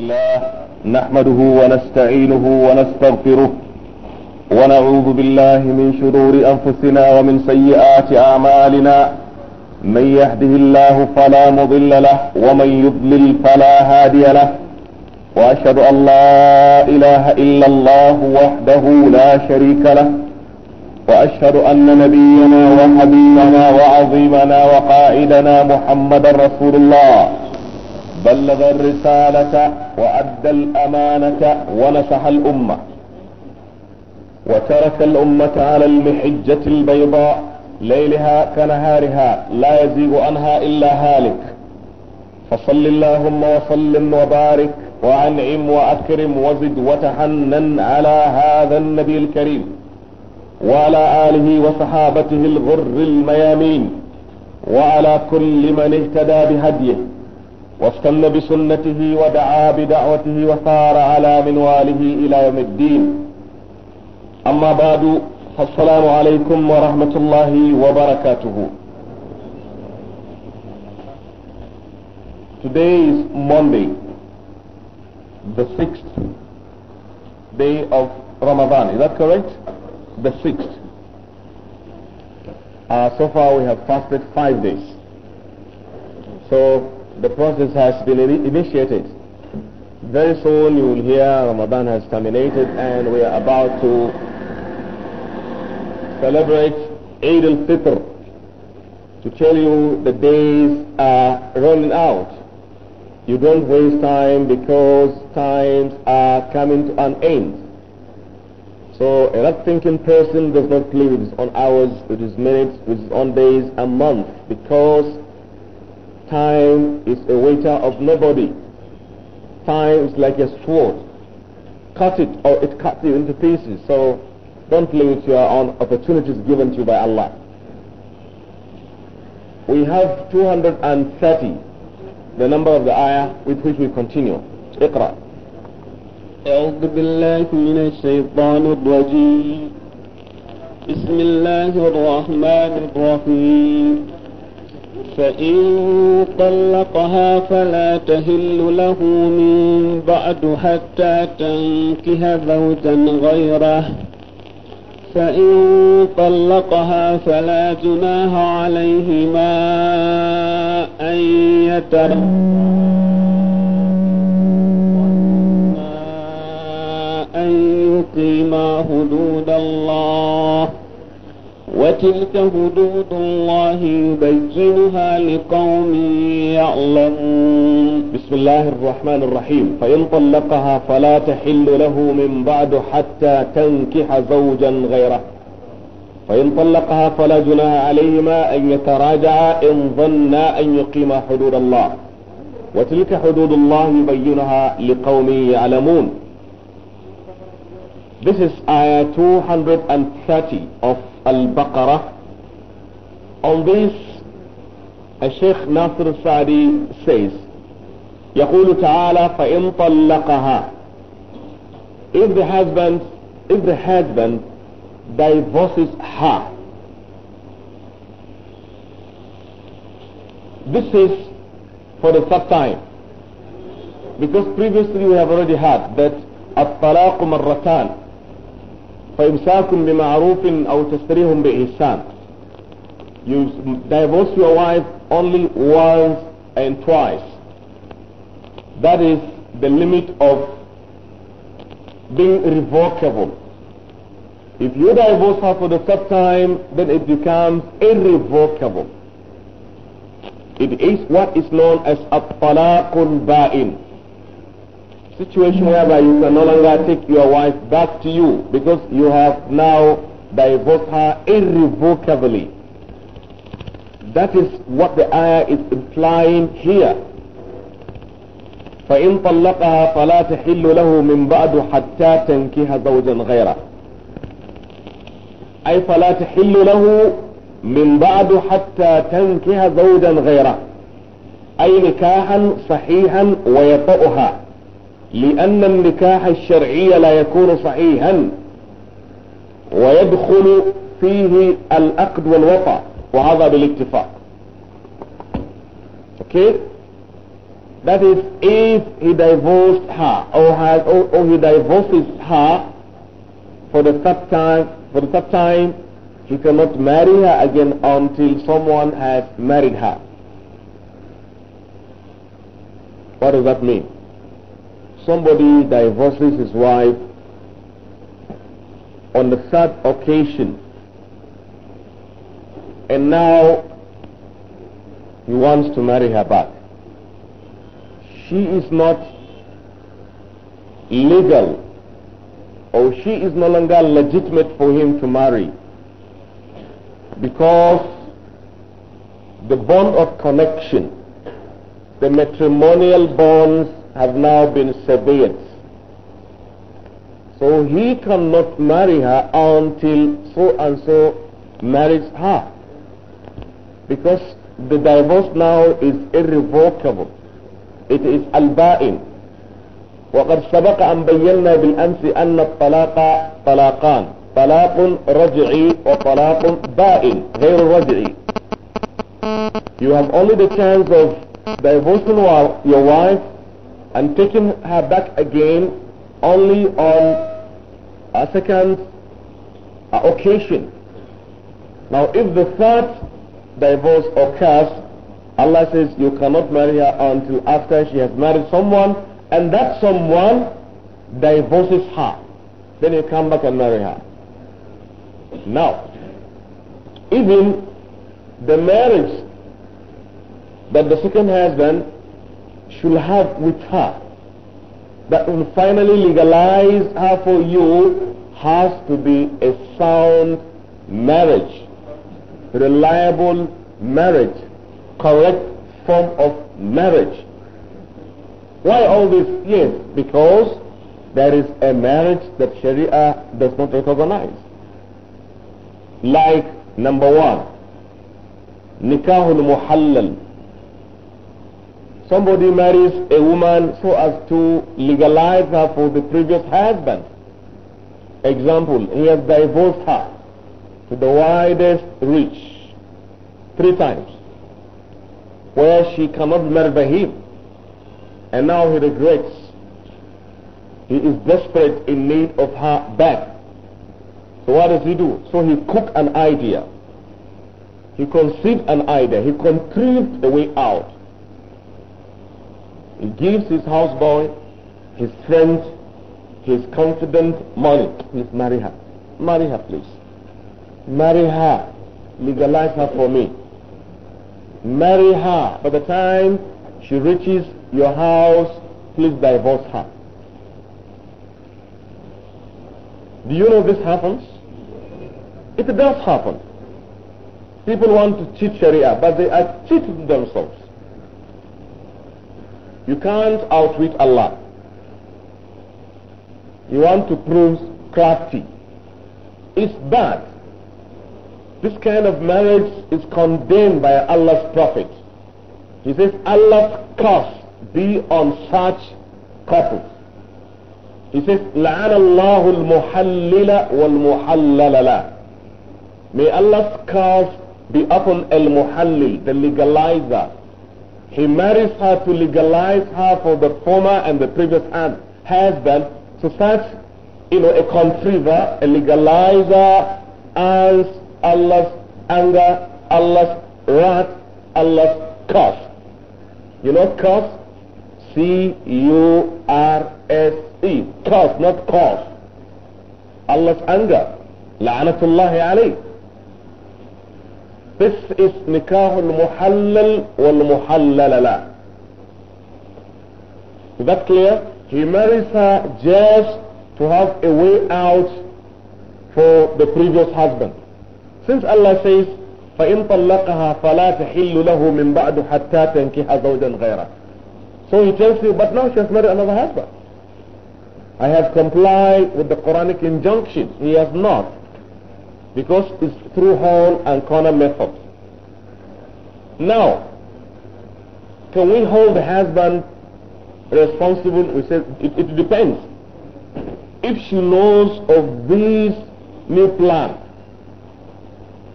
الله نحمده ونستعينه ونستغفره ونعوذ بالله من شرور أنفسنا ومن سيئات أعمالنا من يهده الله فلا مضل له ومن يضلل فلا هادي له وأشهد أن لا إله إلا الله وحده لا شريك له وأشهد أن نبينا وحبيبنا وعظيمنا وقائدنا محمدا رسول الله بلغ الرسالة وأدى الأمانة ونصح الأمة وترك الأمة على المحجة البيضاء ليلها كنهارها لا يزيغ عنها إلا هالك فصل اللهم وسلم وبارك وأنعم وأكرم وزد وتحنن على هذا النبي الكريم وعلى آله وصحابته الغر الميامين وعلى كل من اهتدى بهديه واستن بسنته ودعا بدعوته وسار على منواله إلى يوم الدين أما بعد فالسلام عليكم ورحمة الله وبركاته Today is Monday, the sixth day of Ramadan. Is that correct? The sixth. Uh, so far we have fasted five days. So the process has been initiated. Very soon you will hear Ramadan has terminated and we are about to celebrate Eid al-Fitr. To tell you the days are running out. You don't waste time because times are coming to an end. So a right-thinking person does not play with his own hours, with his minutes, with his own days and months because Time is a waiter of nobody. Time is like a sword. Cut it or it cuts you into pieces. So don't play your own opportunities given to you by Allah. We have 230, the number of the ayah with which we continue. اقرأ. أعوذ بالله من الشيطان الرجيم بسم الله الرحمن الرحيم فإن طلقها فلا تهل له من بعد حتى تنكه زوجا غيره فإن طلقها فلا جناه عليهما أن يترقى أن يقيما حدود الله وتلك حدود الله يبينها لقوم يعلمون بسم الله الرحمن الرحيم فإن طلقها فلا تحل له من بعد حتى تنكح زوجا غيره فإن طلقها فلا جناه عليهما أن يتراجعا إن ظنا أن يقيما حدود الله وتلك حدود الله يبينها لقوم يعلمون This is ayah 230 of Al-Baqarah. On this, Sheikh Nasr Sadi says, يقول تعالى فإن طلقها if the husband if the husband divorces her this is for the third time because previously we have already heard that الطلاق مرتان فإمساك بمعروف أو تسريح بإحسان you divorce your wife only once and twice that is the limit of being revocable if you divorce her for the third time then it becomes irrevocable it is what is known as a talaqul ba'in situation whereby you can no longer take your wife back to you because you have now divorced her irrevocably. That is what the ayah is implying here. فإن طلقها فلا تحل له من بعد حتى تنكح زوجا غيره أي فلا تحل له من بعد حتى تنكح زوجا غيره أي نكاحا صحيحا ويطأها لأن النكاح الشرعي لا يكون صحيحا ويدخل فيه الأقد والوفاء وهذا بالاتفاق okay that is if he divorced her or, has, or, or he divorces her for the third time for the third time he cannot marry her again until someone has married her what does that mean somebody divorces his wife on the third occasion and now he wants to marry her back. She is not legal or she is no longer legitimate for him to marry because the bond of connection, the matrimonial bonds have now been surveyed. So he cannot marry her until so and so marries her. Because the divorce now is irrevocable. It is al-ba'in. وقد سبق أن بينا بالأمس أن الطلاق طلاقان طلاق رجعي وطلاق بائن غير رجعي You have only the chance of divorcing your wife and taking her back again only on a second occasion. Now if the third divorce occurs, Allah says you cannot marry her until after she has married someone and that someone divorces her. Then you come back and marry her. Now, even the marriage that the second husband should have with her that will finally legalize her for you has to be a sound marriage, reliable marriage, correct form of marriage. Why all this? Yes, because there is a marriage that Sharia does not recognize. Like number one, nikahul muhallal, somebody marries a woman so as to legalize her for the previous husband. Example, he has divorced her to the widest reach three times where she cannot be married by him. And now he regrets. He is desperate in need of her back. So what does he do? So he cooked an idea. He conceived an idea. He contrived a way out. He gives his houseboy, his friend, his confidant money. Please marry her. Marry her, please. Marry her. Legalize her for me. Marry her. By the time she reaches your house, please divorce her. Do you know this happens? It does happen. People want to cheat Sharia, but they are cheating themselves. You can't outwit Allah. You want to prove crafty. It's bad. This kind of marriage is condemned by Allah's Prophet. He says, Allah's curse be on such couples. He says, لعن الله المحلل والمحلل له. May Allah's curse be upon al-muhallil, the legalizer, he marries her to legalize her for the former and the previous husband. So such, you know, a contriver, a legalizer, as Allah's anger, Allah's wrath, Allah's curse. You know curse? C-U-R-S-E. Curse, not cause. Allah's anger. La'anatullahi alayh. قس نكاه المحلل والمحلل لا is that clear he marries her just to have a way out for the previous husband since Allah says فإن طلقها فلا تحل له من بعد حتى تنكح زوجا غيره so he tells you but now she has married another husband I have complied with the Quranic injunction he has not because it's through horn and corner methods. Now, can we hold the husband responsible? We said it, it depends. If she knows of this new plan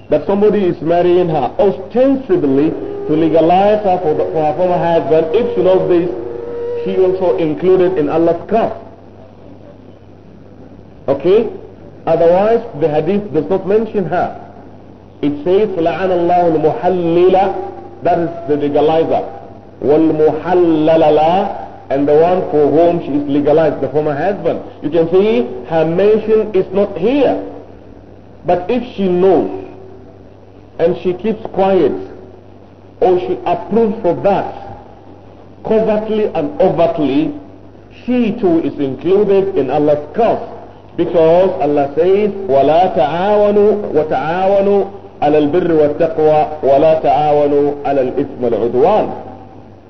that somebody is marrying her ostensibly to legalize her for, the, for her former husband, if she knows this, she also included in Allah's curse. Okay? Otherwise, the hadith does not mention her. It says, لعن الله المحلل, that is the legalizer. والمحلل لا, and the one for whom she is legalized, the former husband. You can see her mention is not here. But if she knows and she keeps quiet, or she approves for that, covertly and overtly, she too is included in Allah's curse. Because Allah says, وَلَا تَعَاوَنُوا وَتَعَاوَنُوا عَلَى الْبِرِّ وَالتَّقْوَى وَلَا تَعَاوَنُوا عَلَى الْإِثْمِ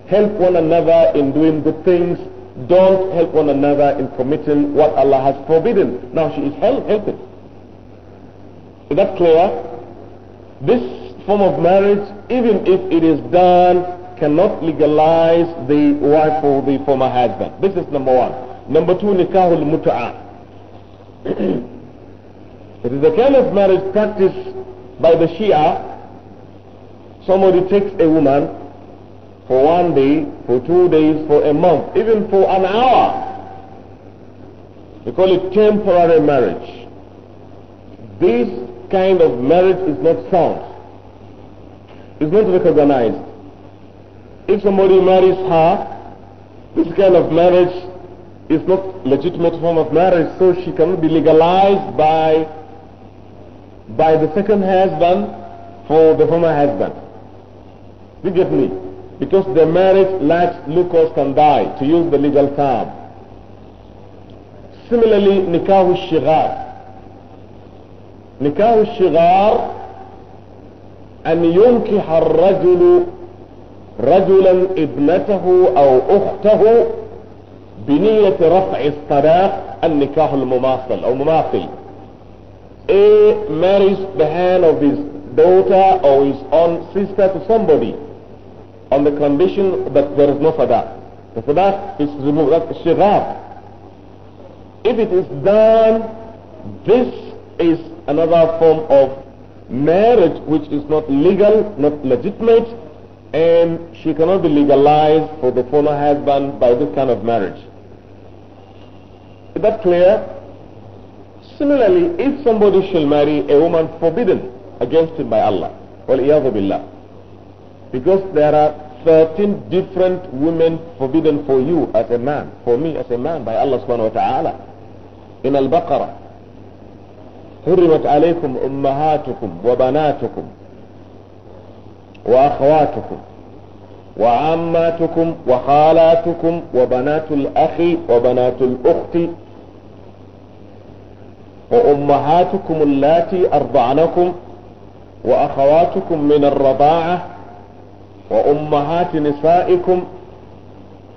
Help one another in doing good things. Don't help one another in committing what Allah has forbidden. Now she is help, helping. Is that clear? This form of marriage, even if it is done, cannot legalize the wife or the former husband. This is number one. Number two, nikahul mut'ah. it is the kind of marriage practiced by the Shia. Somebody takes a woman for one day, for two days, for a month, even for an hour. They call it temporary marriage. This kind of marriage is not sound. It's not recognized. If somebody marries her, this kind of marriage is not legitimate form of marriage, so she cannot be legalized by by the second husband for the former husband. You get me? Because the marriage lacks lucas can die, to use the legal term. Similarly, nikah shigar. Nikah shigar أن ينكح الرجل رجلا ابنته أو أخته بنية رفع الطلاق النكاح المماثل أو مماثل A marries the hand of his daughter or his own sister to somebody on the condition that there is no sadaq. The sadaq is removed, that's shirab. If it is done, this is another form of marriage which is not legal, not legitimate, and she cannot be legalized for the former husband by this kind of marriage. Is that clear? Similarly, if somebody shall marry a woman forbidden against him by Allah, well, billah, because there are 13 different women forbidden for you as a man, for me as a man by Allah subhanahu wa ta'ala. In Al-Baqarah, حرمت عليكم أمهاتكم وبناتكم وأخواتكم وعماتكم وخالاتكم وبنات الأخ وبنات الأخت وأمهاتكم اللاتي أرضعنكم وأخواتكم من الرضاعة وأمهات نسائكم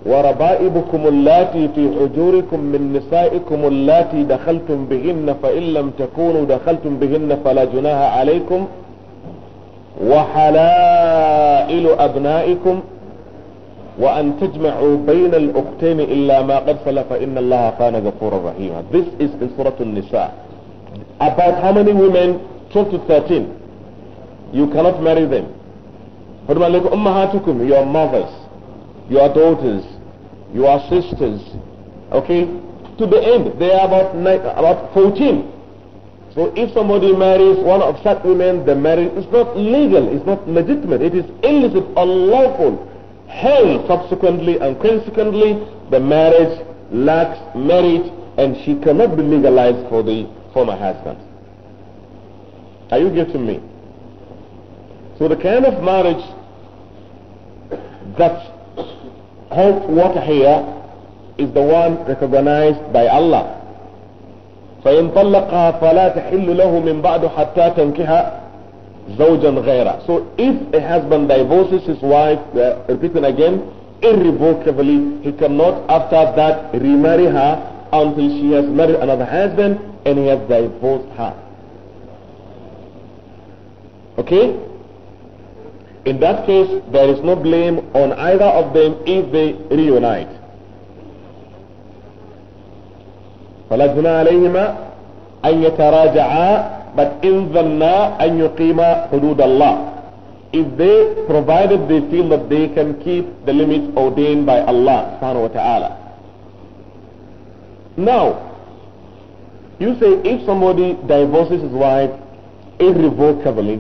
وربائبكم اللاتي في حجوركم من نسائكم اللاتي دخلتم بهن فإن لم تكونوا دخلتم بهن فلا جناها عليكم وحلائل أبنائكم وأن تجمعوا بين الأختين إلا ما قد سلف إن الله كان غفورا رحيما This is in Surah al nisa About how many women? 12 to 13 You cannot marry them حرمة أمهاتكم Your mothers Your daughters Your sisters Okay To the end They are about, about 14 So if somebody marries one of such women, the marriage is not legal, it's not legitimate, it is illicit, unlawful. Hence, subsequently and consequently, the marriage lacks merit and she cannot be legalized for the former husband. Are you getting me? So the kind of marriage that holds water here is the one recognized by Allah. فإن طلقها فلا تحل له من بعد حتى تنكح زوجا ghaira. So if a husband divorces his wife, uh, repeating again, irrevocably, he cannot after that remarry her until she has married another husband and he has divorced her. Okay? In that case, there is no blame on either of them if they reunite. فلا جنى عليهما أن يتراجعا but in the na yuqima hudud Allah. If they, provided they feel that they can keep the limits ordained by Allah subhanahu wa ta'ala. Now, you say if somebody divorces his wife irrevocably,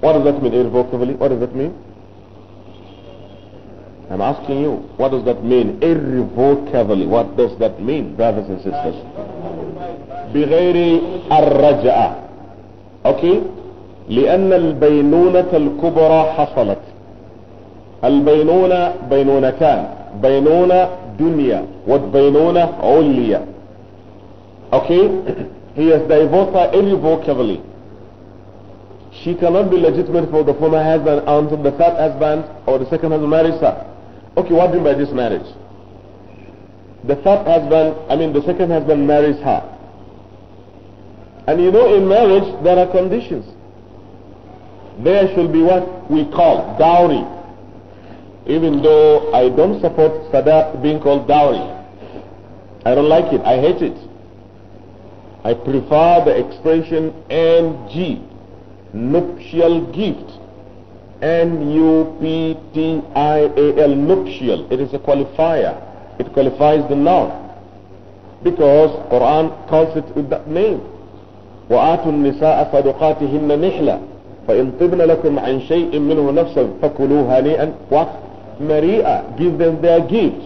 what does that mean irrevocably? What does that mean? I'm asking you, what does that mean? Irrevocably. What does that mean, brothers and sisters? بغير الرجعة اوكي لان البينونة الكبرى حصلت البينونة بينونتان بينونة دنيا والبينونة عليا اوكي he has divorced her she cannot be legitimate for the former husband until the third husband or the second husband marries her okay what do you mean by this marriage the third husband I mean the second husband marries her And you know in marriage there are conditions. There should be what we call dowry. Even though I don't support sadaq being called dowry. I don't like it. I hate it. I prefer the expression NG, nuptial gift. N-U-P-T-I-A-L, nuptial. It is a qualifier. It qualifies the noun. Because Quran calls it with that name. وآتوا النساء صدقاتهن نحلة فإن طبن لكم عن شيء منه نفسا فكلوا هنيئا ومريئا give them their gift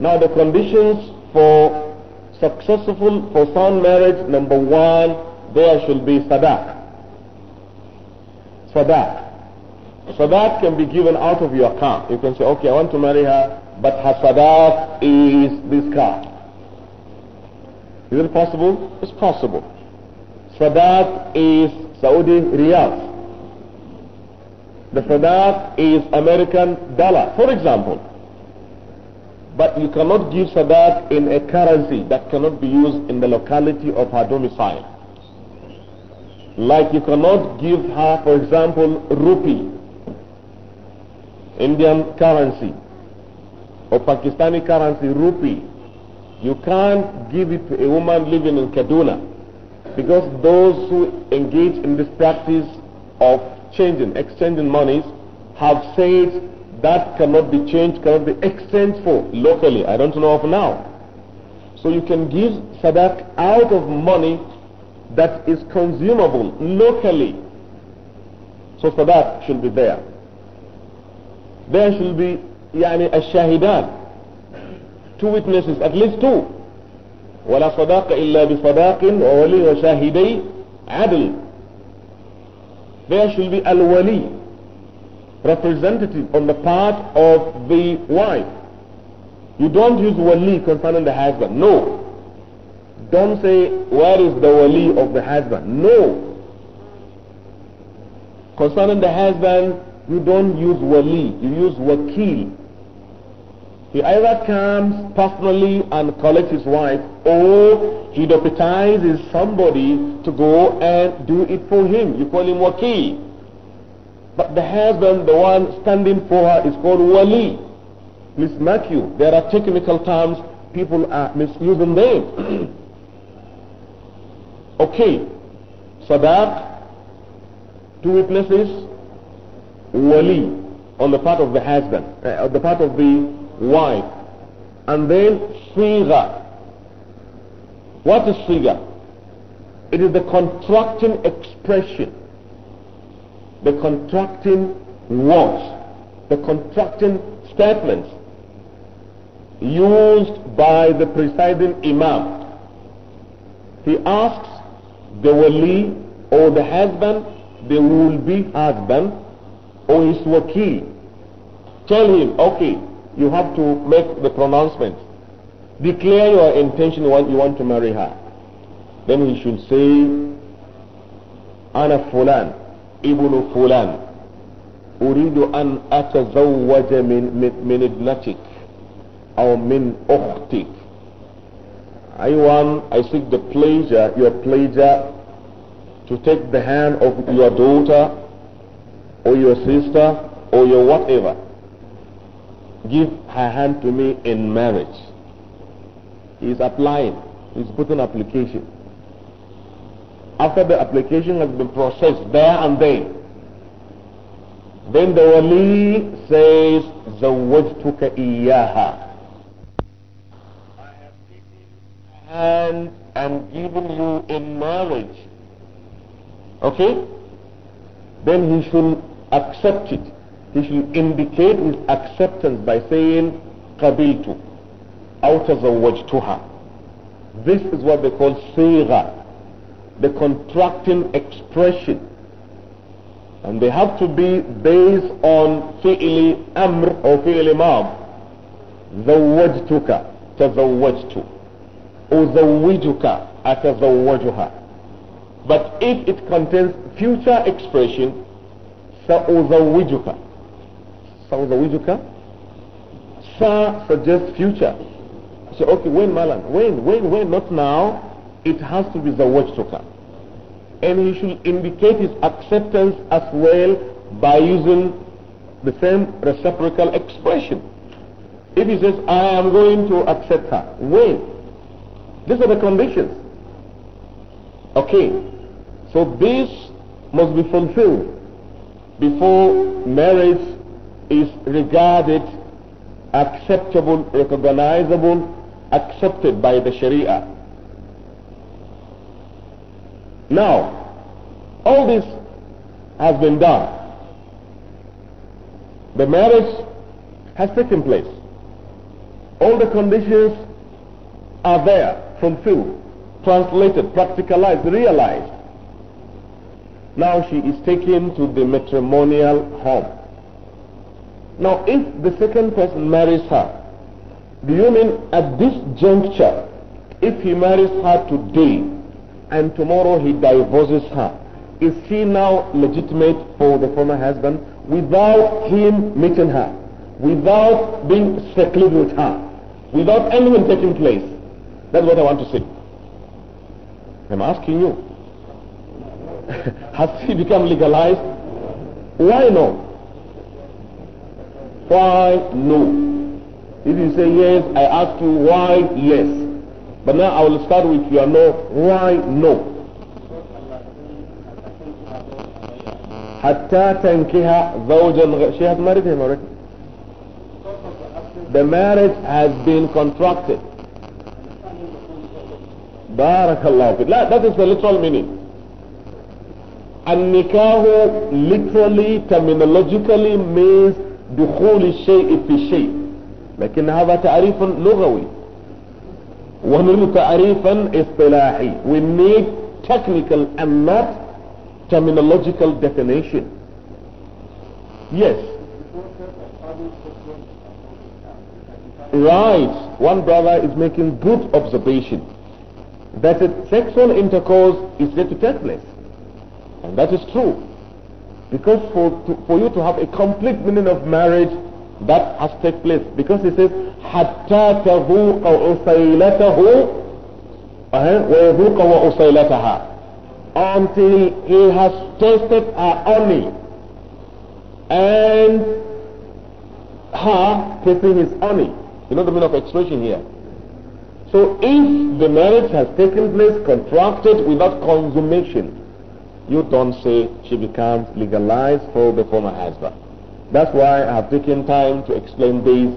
now the conditions for successful for sound marriage number one there should be sadaq sadaq sadaq can be given out of your car you can say okay I want to marry her but her sadaq is this car is it possible? It's possible Sadak is Saudi Riyadh. The Sadak is American dollar, for example. But you cannot give Sadak in a currency that cannot be used in the locality of her domicile. Like you cannot give her, for example, rupee, Indian currency, or Pakistani currency, rupee. You can't give it to a woman living in Kaduna because those who engage in this practice of changing, exchanging monies, have said that cannot be changed, cannot be exchanged for locally. I don't know of now. So you can give sadaq out of money that is consumable locally. So sadaq should be there. There should be yani a shahidan, two witnesses, at least two. ولا صداق إلا بصداق وولي وشاهدي عدل there should be al-wali representative on the part of the wife you don't use wali concerning the husband no don't say where is the wali of the husband no concerning the husband you don't use wali you use wakil he either comes personally and collects his wife or he deputizes somebody to go and do it for him. You call him waki. But the husband, the one standing for her, is called wali. Please mark you, there are technical terms, people are misusing them. okay, sadaq, two witnesses, wali on the part of the husband, uh, on the part of the wife. And then siga. What is siga? It is the contracting expression, the contracting words, the contracting statements used by the presiding imam. He asks the wali or the husband, the will-be husband or his wakil. Tell him, okay, you have to make the pronouncement. Declare your intention when you want to marry her. Then he should say, "Ana فلان ابن فلان أريد أن أتزوج من من, من ابنتك أو من أختك I want, I seek the pleasure, your pleasure to take the hand of your daughter or your sister or your whatever give her hand to me in marriage. He's applying, he's putting application. After the application has been processed there and then, then the wali says, زوجتك إياها. I have taken hand and given you in marriage. Okay? Then he should accept it he should indicate his acceptance by saying qabiltu "tuha." this is what they call sigha the contracting expression and they have to be based on fi'li amr or fi'li mam zawajtuka tazawajtu uzawijuka atazawajuha but if it contains future expression sa'uzawijuka سأزوجك Sa suggests future. So okay, when Malan? When, when, when, not now. It has to be the watchtoker. And he should indicate his acceptance as well by using the same reciprocal expression. If he says, I am going to accept her, when? These are the conditions. Okay. So this must be fulfilled before marriage is regarded acceptable, recognizable, accepted by the Sharia. Now, all this has been done. The marriage has taken place. All the conditions are there, fulfilled, translated, practicalized, realized. Now she is taken to the matrimonial home. Now, if the second person marries her, do you mean at this juncture, if he marries her today and tomorrow he divorces her, is she now legitimate for the former husband without him meeting her, without being secluded with her, without anything taking place? That's what I want to say. I'm asking you. Has she become legalized? Why not? Why no? If you say yes, I ask you why yes. But now I will start with your no. Why no? Hatta tankiha زوجا she has married him already the marriage has been contracted Barakallahu. that is the literal meaning النكاح literally terminologically means دخول الشيء في الشيء لكن هذا تعريف لغوي ونريد تعريفا اصطلاحي we need technical and not terminological definition yes right one brother is making good observation that sexual intercourse is yet to take place and that is true Because for, to, for you to have a complete meaning of marriage, that has take place. Because he says, حَتَّى تَذُوقَ وَأُسَيْلَتَهَا Until he has tasted her honey and her tasting his honey. You know the meaning of expression here. So if the marriage has taken place, contracted without consummation, you don't say she becomes legalized for the former husband. That's why I have taken time to explain this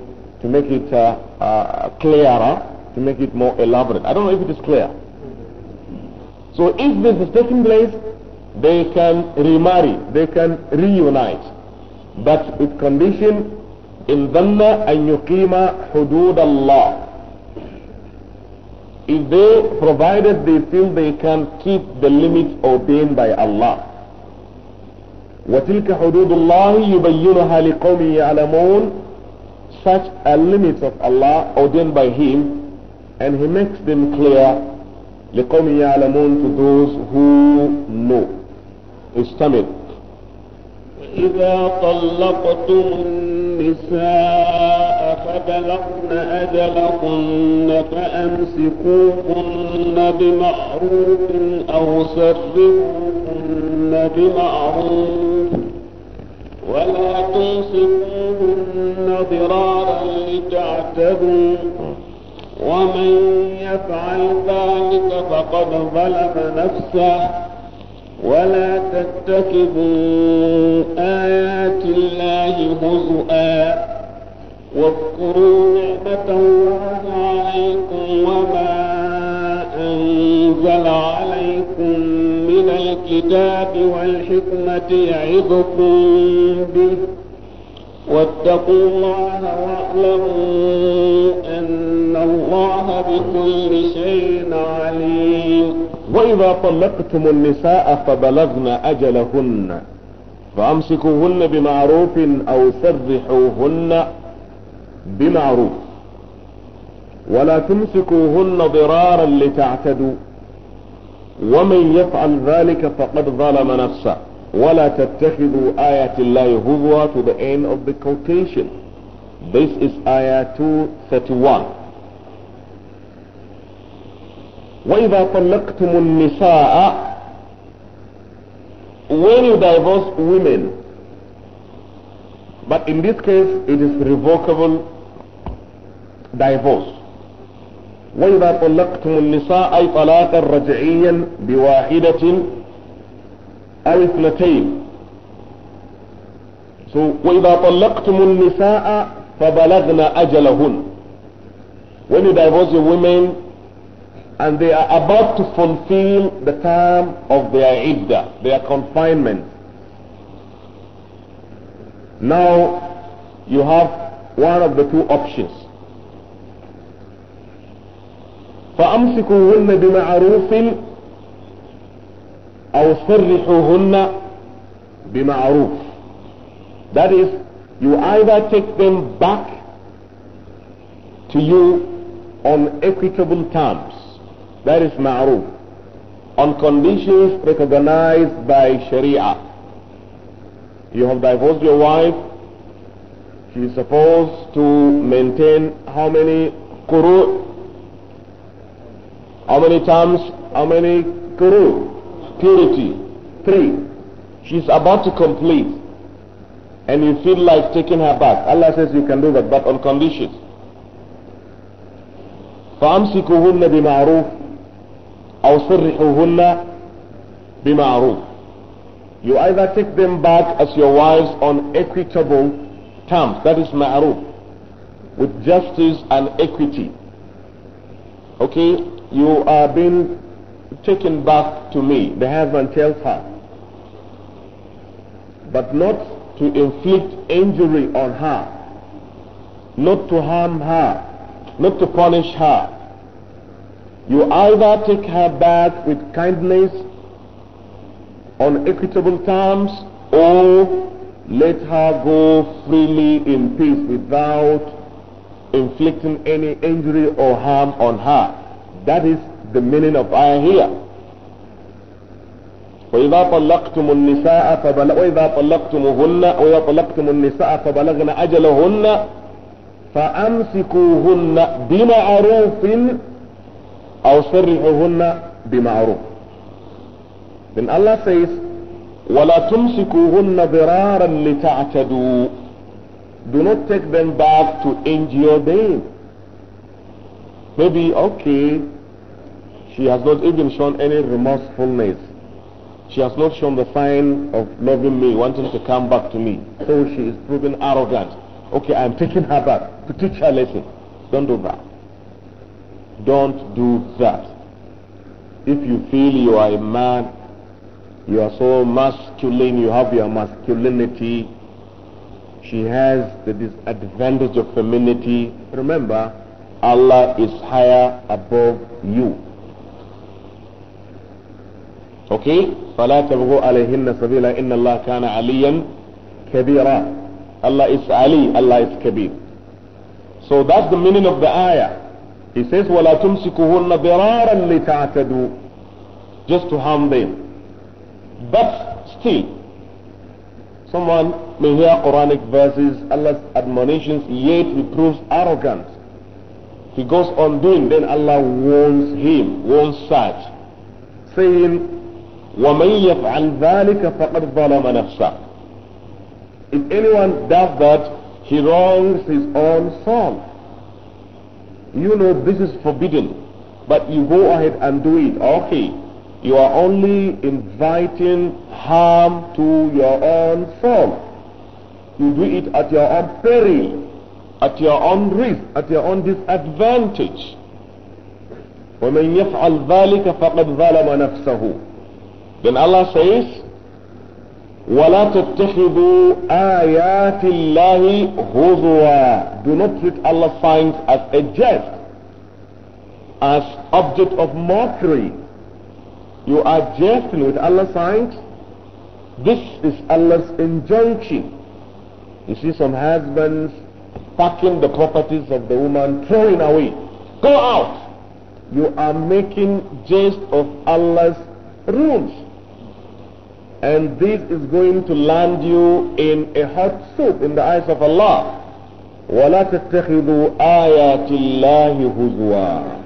to make it uh, uh, clearer, to make it more elaborate. I don't know if it is clear. So if this is taking place, they can remarry, they can reunite, but with condition in ظن أن yuqima حدود Allah if they provided they feel they can keep the limits ordained by Allah. وتلك حدود الله يبينها لقوم يعلمون such a limit of Allah ordained by him and he makes them clear لقوم يعلمون to those who know It's استمد وإذا طلقتم النساء فبلغن أجلهن فأمسكوهن بمعروف أو سرقوهن بمعروف ولا تمسكوهن ضرارا لتعتدوا ومن يفعل ذلك فقد ظلم نفسه ولا تتخذوا آيات الله هزؤا واذكروا نعمة الله عليكم وما أنزل عليكم من الكتاب والحكمة يعظكم به واتقوا الله واعلموا أن الله بكل شيء عليم وإذا طلقتم النساء فبلغن أجلهن فأمسكوهن بمعروف أو سرحوهن بمعروف ولا تمسكوهن ضرارا لتعتدوا ومن يفعل ذلك فقد ظلم نفسه ولا تتخذوا آيات الله هزوا to the end of the quotation this is ayah آية 231 وإذا طلقتم النساء when you divorce women But in this case, it is revocable divorce. وإذا طلقتم النساء أي طلاقا رجعيا بواحدة أو اثنتين. So وإذا طلقتم النساء أجلهن. When you divorce your women and they are about to fulfill the term of their iddah, their confinement, now you have one of the two options. فأمسكوهن بمعروف أو صرحوهن بمعروف That is, you either take them back to you on equitable terms. That is ma'ruf. On conditions recognized by Sharia. You have divorced your wife. She is supposed to maintain how many kuru? How many times? How many kuru? Purity. Three. She's about to complete. And you feel like taking her back. Allah says you can do that, but on conditions. فأمسكوهن بمعروف أو صرحوهن بمعروف you either take them back as your wives on equitable terms, that is ma'aruf, with justice and equity. Okay, you are being taken back to me, the husband tells her. But not to inflict injury on her, not to harm her, not to punish her. You either take her back with kindness on equitable terms or let her go freely in peace without inflicting any injury or harm on her. That is the meaning of ayah here. وإذا طلقتم النساء فبلغ وإذا طلقتمهن وإذا طلقتم النساء فبلغن أجلهن فأمسكوهن بمعروف أو سرحوهن بمعروف then Allah says, وَلَا تُمْسِكُوهُنَّ ضِرَارًا لِتَعْتَدُوا Do not take them back to injure them. Maybe, okay, she has not even shown any remorsefulness. She has not shown the sign of loving me, wanting to come back to me. So she is proving arrogant. Okay, I'm taking her back to teach her lesson. Don't do that. Don't do that. If you feel you are a man you are so masculine, you have your masculinity. She has the disadvantage of femininity. Remember, Allah is higher above you. Okay? فَلَا تَبْغُوا عَلَيْهِنَّ سَبِيلًا إِنَّ اللَّهَ كَانَ عَلِيًّا كَبِيرًا Allah is Ali, Allah is Kabir. So that's the meaning of the ayah. He says, وَلَا تُمْسِكُهُنَّ ضِرَارًا لِتَعْتَدُوا Just to harm them. But still, someone may hear Quranic verses, Allah's admonitions, yet he proves arrogant. He goes on doing, then Allah warns him, warns such, saying, وَمَنْ يَفْعَلْ ذَلِكَ فَقَدْ ظَلَمَ نَفْسَهُ If anyone does that, he wrongs his own soul. You know this is forbidden, but you go ahead and do it. Okay, you are only inviting harm to your own form. You do it at your own peril, at your own risk, at your own disadvantage. ومن يفعل ذلك فقد ظلم نفسه. Then Allah says, ولا تتخذوا آيات الله هزوا. Do not treat Allah's signs as a jest, as object of mockery. You are jesting with Allah's signs. This is Allah's injunction. You see some husbands packing the properties of the woman, throwing away. Go out. You are making jest of Allah's rules. And this is going to land you in a hot soup in the eyes of Allah. ولا تتخذوا آيات الله هزواً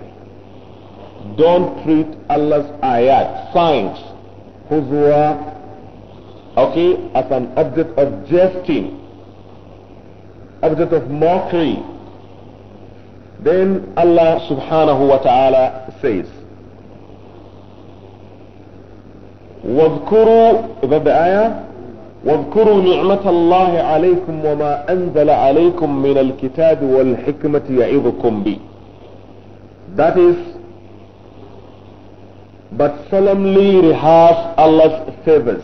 don't treat Allah's ayat, signs, huzwa, okay, as an object of jesting, object of mockery. Then Allah subhanahu wa ta'ala says, واذكروا is ayah واذكروا نعمة الله عليكم وما أنزل عليكم من الكتاب والحكمة يعظكم به that is but solemnly rehearse Allah's favors.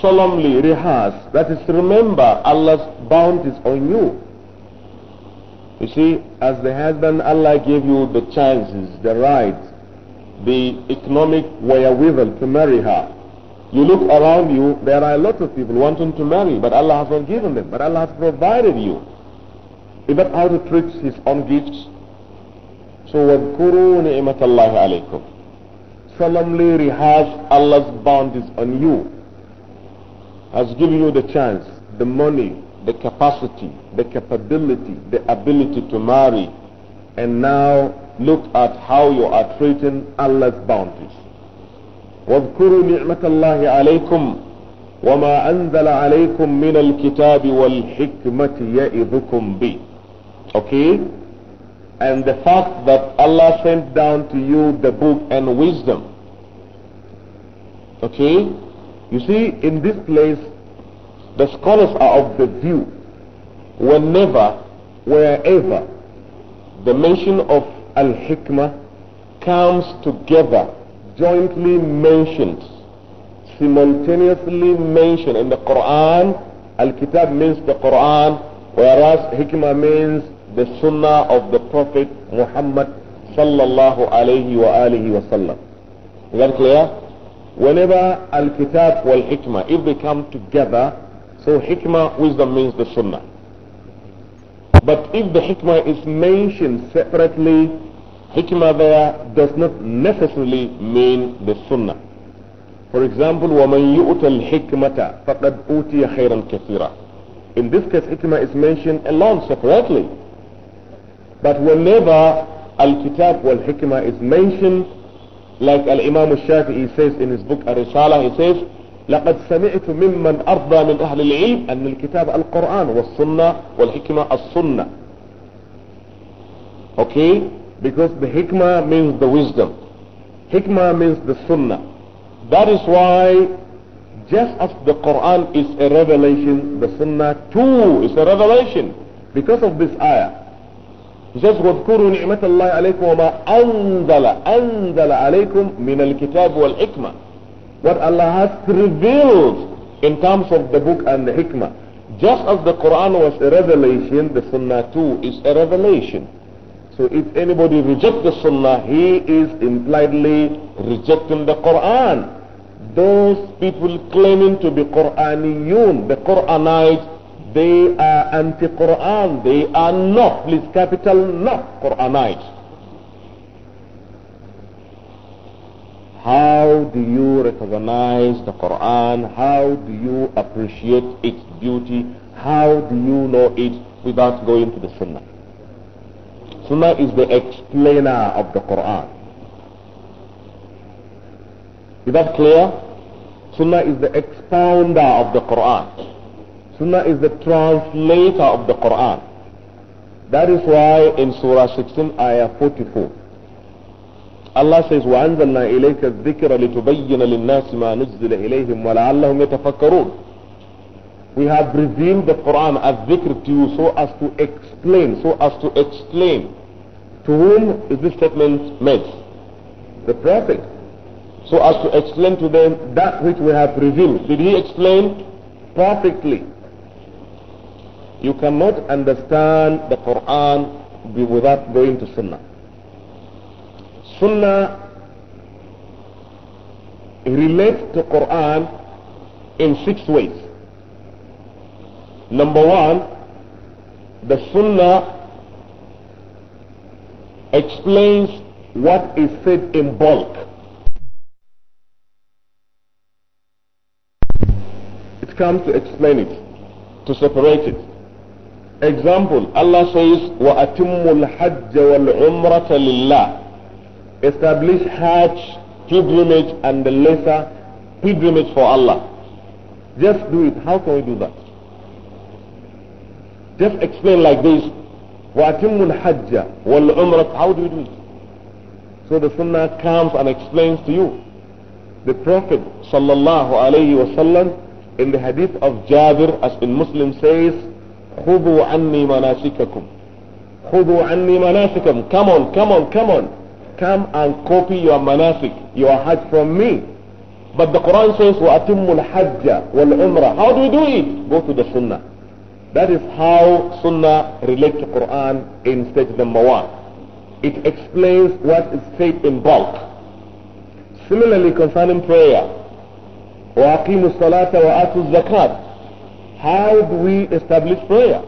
Solemnly rehearse. That is, remember Allah's bounties on you. You see, as the husband, Allah gave you the chances, the rights, the economic wherewithal to marry her. You look around you, there are a lot of people wanting to marry, but Allah has not given them, but Allah has provided you. Is that how to treat His own gifts? So, وَاذْكُرُوا نِعْمَةَ اللَّهِ عَلَيْكُمْ solemnly rehearse Allah's bounties on you, has given you the chance, the money, the capacity, the capability, the ability to marry, and now look at how you are treating Allah's bounties. واذكروا نعمة الله عليكم وما أنزل عليكم من الكتاب والحكمة يئذكم به. Okay? and the fact that Allah sent down to you the book and wisdom. Okay? You see, in this place, the scholars are of the view whenever, wherever the mention of Al-Hikmah comes together, jointly mentioned, simultaneously mentioned in the Quran, Al-Kitab means the Quran, whereas Hikmah means the sunnah of the Prophet Muhammad sallallahu alayhi wa alihi wa sallam. Is that clear? Whenever al-kitab wal-hikmah, if they come together, so hikmah, wisdom means the sunnah. But if the hikmah is mentioned separately, hikmah there does not necessarily mean the sunnah. For example, وَمَنْ يُؤْتَ الْحِكْمَةَ فَقَدْ أُوتِيَ خَيْرًا كَثِيرًا In this case, hikmah is mentioned alone separately. But whenever Al-Kitab wal-Hikmah is mentioned, like Al-Imam al-Shafi'i says in his book ar risala he says, لقد سمعت ممن أرضى من أهل العلم أن الكتاب القرآن والسنة والحكمة السنة. Okay? Because the hikmah means the wisdom. Hikmah means the sunnah. That is why just as the Quran is a revelation, the sunnah too is a revelation because of this ayah just واذكروا نعمة الله عليكم وما أنزل أنزل عليكم من الكتاب والحكمة what Allah has revealed in terms of the book and the hikmah just as the Quran was a revelation the Sunnah too is a revelation so if anybody rejects the Sunnah he is impliedly rejecting the Quran those people claiming to be Quraniyun the Quranites they are anti-Quran. They are not, please capital not Quranites. How do you recognize the Quran? How do you appreciate its beauty? How do you know it without going to the Sunnah? Sunnah is the explainer of the Quran. Is that clear? Sunnah is the expounder of the Quran. Sunnah is the translator of the Quran. That is why in Surah 16, Ayah 44, Allah says, وَأَنزَلْنَا إِلَيْكَ الذِّكْرَ لِتُبَيِّنَ لِلنَّاسِ مَا نُزِّلَ إِلَيْهِمْ وَلَعَلَّهُمْ يَتَفَكَّرُونَ we have revealed the Quran as dhikr to you so as to explain, so as to explain. To whom is this statement made? The Prophet. So as to explain to them that which we have revealed. Did he explain? Perfectly. You cannot understand the Quran without going to Sunnah. Sunnah relates to Quran in six ways. Number one, the Sunnah explains what is said in bulk. It comes to explain it, to separate it. Example, Allah says, "Wa atimul wal الْحَجَّ وَالْعُمْرَةَ لِلَّهِ Establish Hajj, pilgrimage and the lesser pilgrimage for Allah. Just do it. How can we do that? Just explain like this. "Wa atimul hajj wal وَالْعُمْرَةَ How do we do it? So the sunnah comes and explains to you. The Prophet sallallahu alayhi wasallam in the hadith of Jabir as in Muslim says, خذوا عني مناسككم خذوا عني مناسككم come on come on come on come and copy your manasik your hajj from me but the Quran says وأتم الحج والعمرة how do you do it go to the sunnah that is how sunnah relate to Quran in stage number one it explains what is said in bulk similarly concerning prayer وأقيموا الصلاة وآتوا الزكاة How do we establish prayer?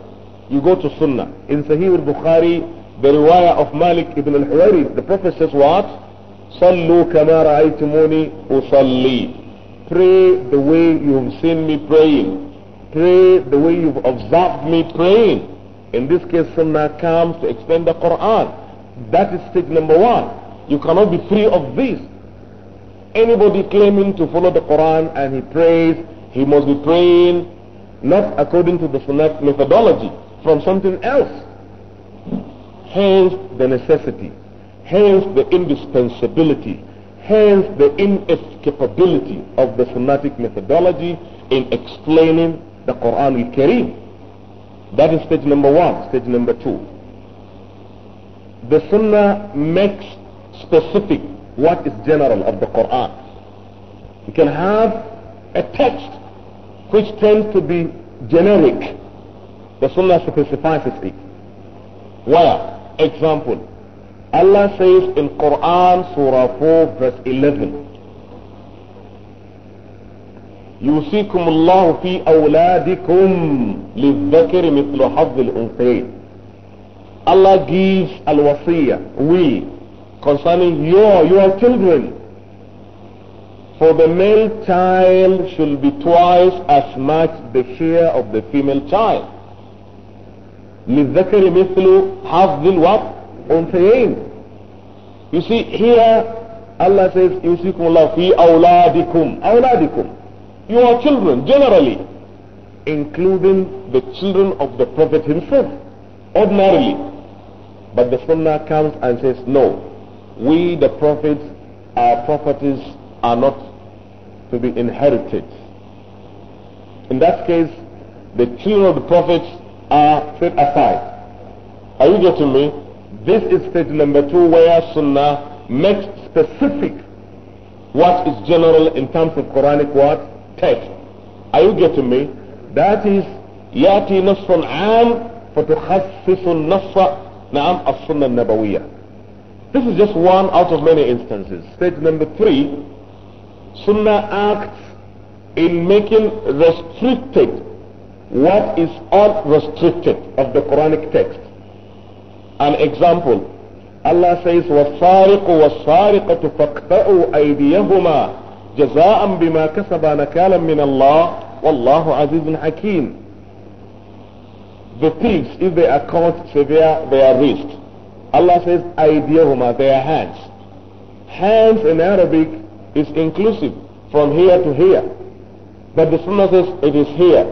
You go to Sunnah. In Sahih al-Bukhari, the riwayah of Malik ibn al-Huwairi, the Prophet says what? صَلُّوا كَمَا رَأَيْتُمُونِي أُصَلِّي Pray the way you've seen me praying. Pray the way you've observed me praying. In this case, Sunnah comes to explain the Quran. That is step number one. You cannot be free of this. Anybody claiming to follow the Quran and he prays, he must be praying not according to the Sunnah methodology, from something else. Hence the necessity, hence the indispensability, hence the inescapability of the Sunnatic methodology in explaining the Quran al-Kareem. That is stage number one. Stage number two. The Sunnah makes specific what is general of the Quran. You can have a text which tends to be generic. The Sunnah specifies it. Where? Example. Allah says in Quran Surah 4 verse 11 يوصيكم الله في أولادكم للذكر مثل حظ الأنثيين Allah gives al-wasiyah, we, concerning your, your children, for the male child should be twice as much the share of the female child. للذكر مثل حظ الوط أنثيين. You see here Allah says يوصيكم الله في أولادكم أولادكم your children generally including the children of the Prophet himself ordinarily but the Sunnah comes and says no we the prophets are prophets are not to be inherited. In that case, the children of the prophets are set aside. Are you getting me? This is stage number two where Sunnah makes specific what is general in terms of Quranic what? Text. Are you getting me? That is يأتي نص عام فتخصص النص as Sunnah Nabawiya. This is just one out of many instances. Stage number three Sunnah acts in making restricted what is unrestricted of the Quranic text. An example, Allah says, وَالصَّارِقُ وَالصَّارِقَةُ فَاقْتَعُوا أَيْدِيَهُمَا جَزَاءً بِمَا كَسَبَا نَكَالًا مِنَ اللَّهِ وَاللَّهُ عَزِيزٌ حَكِيمٌ The thieves, if they are caught, severe they are wrist. Allah says, أَيْدِيَهُمَا, their hands. Hands in Arabic is inclusive from here to here. But the Sunnah says it is here.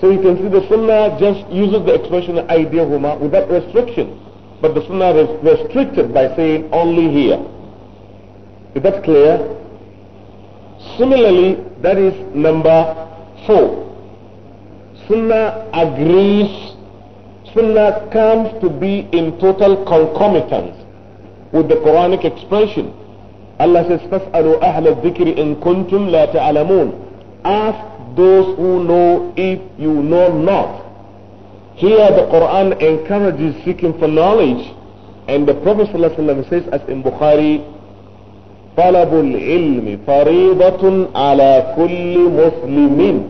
So you can see the Sunnah just uses the expression idehuma without restriction. But the Sunnah is restricted by saying only here. Is that clear? Similarly, that is number four. Sunnah agrees, Sunnah comes to be in total concomitance with the Quranic expression. Allah says, Fas'alu ahla dhikri in kuntum la ta'alamun. Ask those who know if you know not. Here the Quran encourages seeking for knowledge. And the Prophet وسلم says as in Bukhari, طلب العلم فريضة على كل مسلم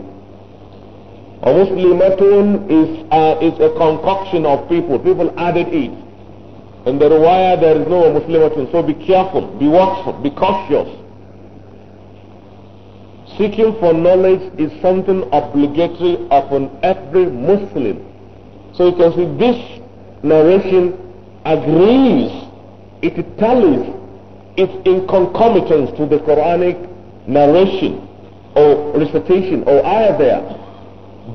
ومسلمة is, uh, is a concoction of people. People added it. In the riwayah there is no Muslimatun, so be careful, be watchful, be cautious. Seeking for knowledge is something obligatory upon every Muslim. So you can see this narration agrees, it tallies, it's in concomitance to the Quranic narration or recitation or ayah there.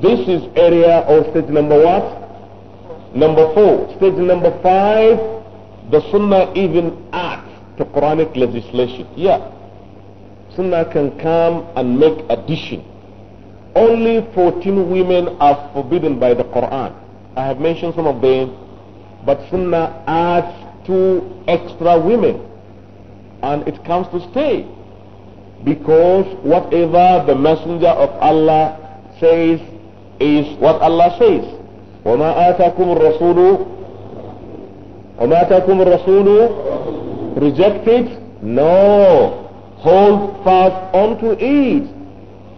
This is area or stage number what? Number four. Stage number five the Sunnah even adds to Quranic legislation. Yeah. Sunnah can come and make addition. Only 14 women are forbidden by the Quran. I have mentioned some of them, but Sunnah adds two extra women. And it comes to stay. Because whatever the Messenger of Allah says is what Allah says. وَمَا أَتَكُمْ الرَّسُولُ وما تاكم الرسول reject it no hold fast onto it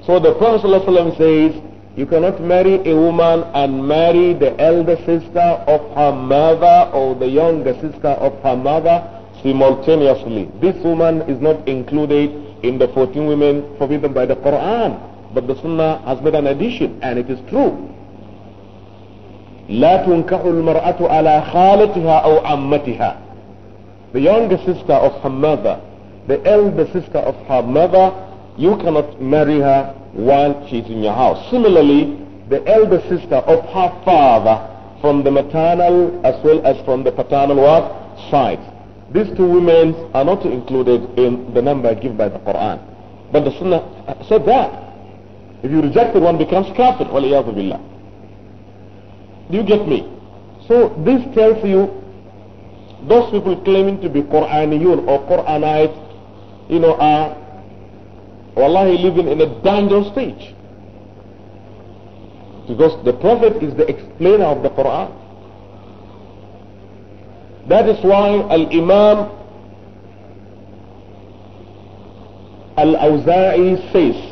so the prophet says you cannot marry a woman and marry the elder sister of her mother or the younger sister of her mother simultaneously. This woman is not included in the 14 women forbidden by the Quran. But the Sunnah has made an addition and it is true. لا تنكح المرأة على خالتها أو عمتها the younger sister of her mother the elder sister of her mother you cannot marry her while she is in your house similarly the elder sister of her father from the maternal as well as from the paternal side these two women are not included in the number given by the Quran but the Sunnah said that if you reject one becomes kafir billah do you get me? So this tells you those people claiming to be Quraniyun or Quranites, you know, are wallahi living in a dangerous stage. Because the Prophet is the explainer of the Quran. That is why Al-Imam Al-Awza'i says,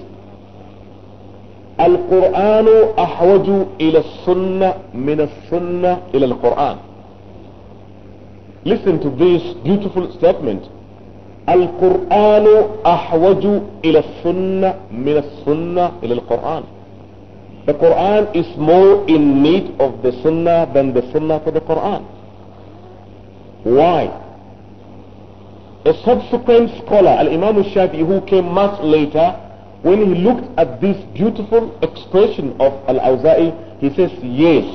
القرآن أحوج إلى السنة من السنة إلى القرآن Listen to this beautiful statement القرآن أحوج إلى السنة من السنة إلى القرآن The Quran is more in need of the Sunnah than the Sunnah for the Quran. Why? A subsequent scholar, Al-Imam al-Shafi'i, who came much later, when he looked at this beautiful expression of Al-Awza'i, he says, yes,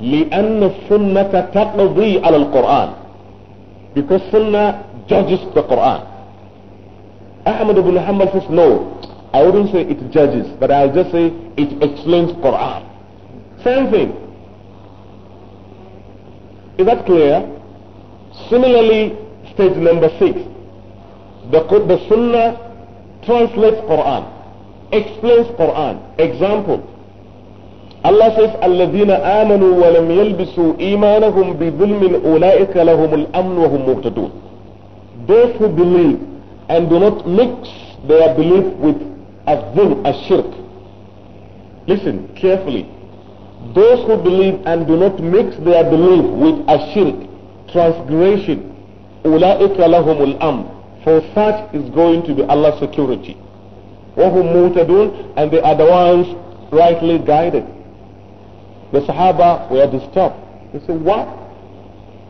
لأن السنة تقضي على القرآن because Sunnah judges the Quran. Ahmad ibn Hanbal says, no, I wouldn't say it judges, but I'll just say it explains Quran. Same thing. Is that clear? Similarly, stage number six. The, the Sunnah translates Quran explains Quran. Example. Allah says, الَّذِينَ آمَنُوا وَلَمْ يَلْبِسُوا إِيمَانَهُمْ بِظُلْمٍ أُولَٰئِكَ لَهُمُ الْأَمْنُ وَهُمْ مُهْتَدُونَ Those who believe and do not mix their belief with a shirk. Listen carefully. Those who believe and do not mix their belief with a shirk, transgression, أُولَٰئِكَ لَهُمُ الْأَمْنُ For such is going to be Allah's security. وهم مهتدون and they are the ones rightly guided the Sahaba were disturbed they said what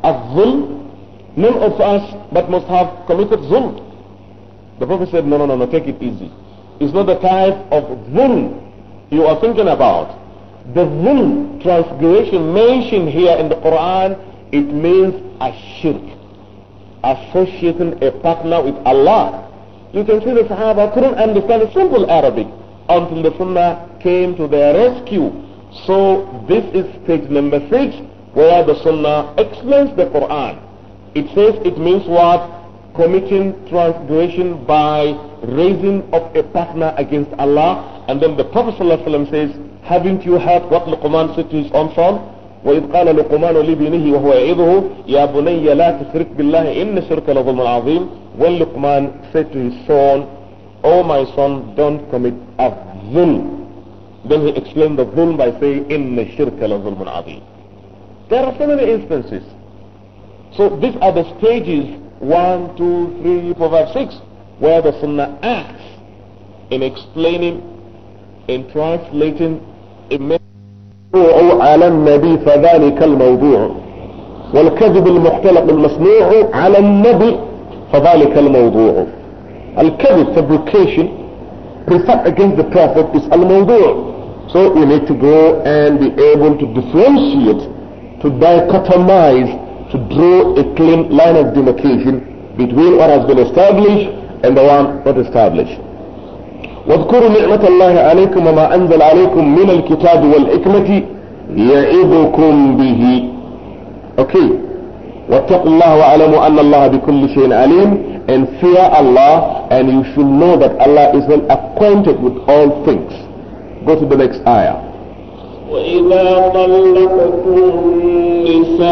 A الظلم none of us but must have committed zulm the Prophet said no no no no take it easy it's not the type of zulm you are thinking about the zulm transgression mentioned here in the Quran it means a shirk associating a partner with Allah you can see the Sahaba couldn't understand simple Arabic until the Sunnah came to their rescue. So this is stage number six where the Sunnah explains the Quran. It says it means what? Committing transgression by raising up a partner against Allah. And then the Prophet ﷺ says, haven't you heard what Luqman said to his own son? وإذ قال لقمان لابنه وهو يعظه يا بني لا تشرك بالله إن الشرك لظلم عظيم when Luqman said to his son oh my son don't commit a zulm then he explained the zulm by saying إن الشرك لظلم عظيم there are so many instances so these are the stages 1, 2, 3, 4, 5, 6 where the sunnah acts in explaining in translating in الموضوع على النبي فذلك الموضوع والكذب المختلق المصنوع على النبي فذلك الموضوع الكذب fabrication prefer against the prophet is الموضوع So you need to go and be able to differentiate, to dichotomize, to draw a clean line of demarcation between what has been established and the one not established. واذكروا نعمة الله عليكم وما أنزل عليكم من الكتاب والحكمة يعظكم به أوكي واتقوا الله واعلموا أن الله بكل شيء عليم and fear Allah and you should know that Allah is well acquainted with all things. Go to the next ayah. وإذا طلقتم النساء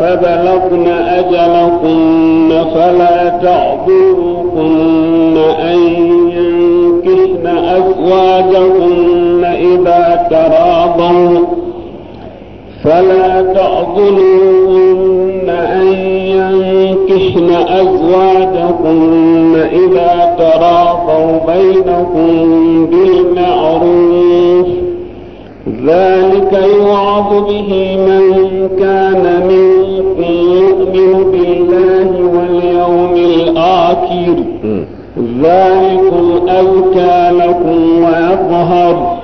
فبلغن أجلكن فلا تعذروهن أزواجهن إذا تراضوا فلا تعضلوهن أن ينكحن أزواجهن إذا تراضوا بينهم بالمعروف ذلك يوعظ به من كان منكم يؤمن بالله واليوم الآخر ذلكم أوكى لكم وأظهر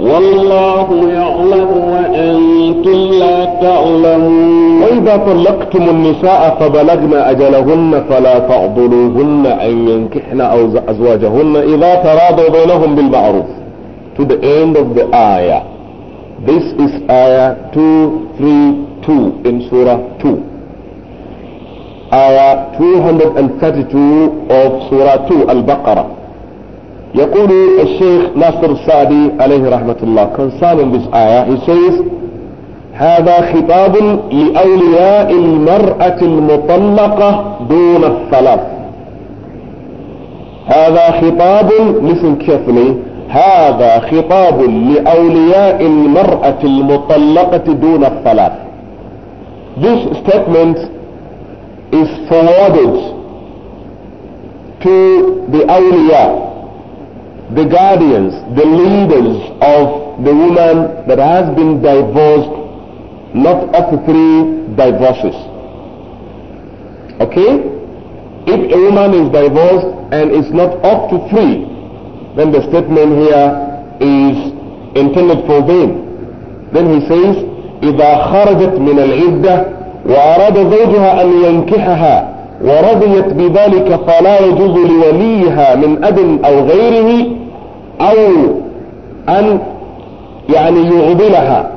والله يعلم وأنتم لا تعلمون وإذا طلقتم النساء فبلغن أجلهن فلا تعضلوهن أن ينكحن أزواجهن إذا تراضوا بينهم بالمعروف to the end of the ayah this is ayah 232 in surah 2 ayah آية 232 of Surah 2 Al-Baqarah. يقول الشيخ ناصر السعدي عليه رحمة الله concerning this ayah آية, he says هذا خطاب لأولياء المرأة المطلقة دون الثلاث هذا خطاب listen carefully هذا خطاب لأولياء المرأة المطلقة دون الثلاث This statement is forwarded to the awliya, the guardians, the leaders of the woman that has been divorced, not up to three divorces. Okay? If a woman is divorced and it's not up to three, then the statement here is intended for them. Then he says, إذا خرجت من العدة وأراد زوجها أن ينكحها ورضيت بذلك فلا يجوز لوليها من أب أو غيره أو أن يعني يغبلها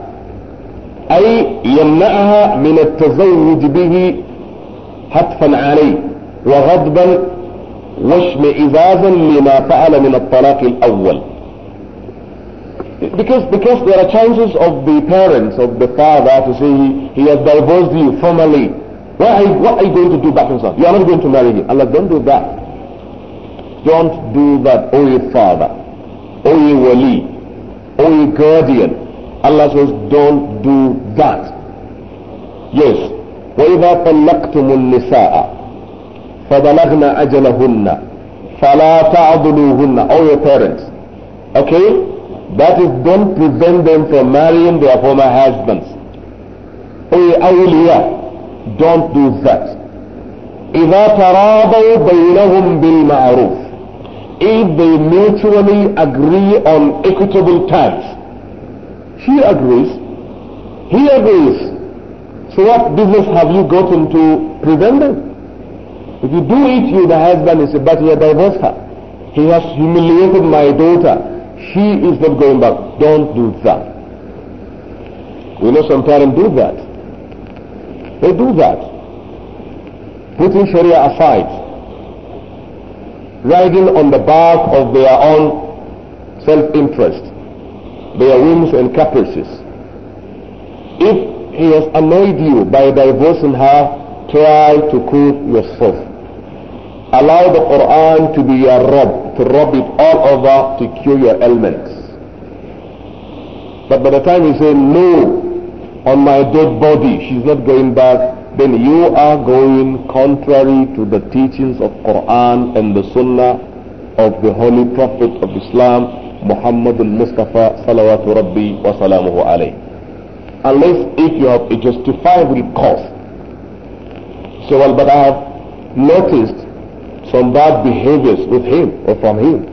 أي يمنعها من التزوج به هتفا عليه وغضبا واشمئزازا لما فعل من الطلاق الأول Because, because there are chances of the parents, of the father to say he, he has divorced you formally. What are, you, what are you going to do back himself? You are not going to marry him. Allah, don't do that. Don't do that, O your father, O your wali, O your guardian. Allah says, don't do that. Yes. وإذا طلقتم النساء فبلغن أجلهن فلا تعضلوهن All your parents. Okay? That is, don't prevent them from marrying their former husbands. أولياء don't do that. إذا تراضوا بينهم بالمعروف if they mutually agree on equitable terms. She agrees, he agrees. So what business have you gotten to prevent them? If you do it, you the husband is a but you divorce her. He has humiliated my daughter. She is not going back. Don't do that. You know, some parents do that. They do that. Putting Sharia aside. Riding on the back of their own self-interest, their whims and caprices. If he has annoyed you by divorcing her, try to cool yourself. Allow the Quran to be your Rabb to rub it all over to cure your ailments. But by the time you say, no, on my dead body, she's not going back, then you are going contrary to the teachings of Quran and the Sunnah of the Holy Prophet of Islam, Muhammad al-Mustafa salawatu rabbi wa salamuhu alayhi. Unless if you have a justifiable cause. So, well, but I have noticed from bad behaviors with him or from him.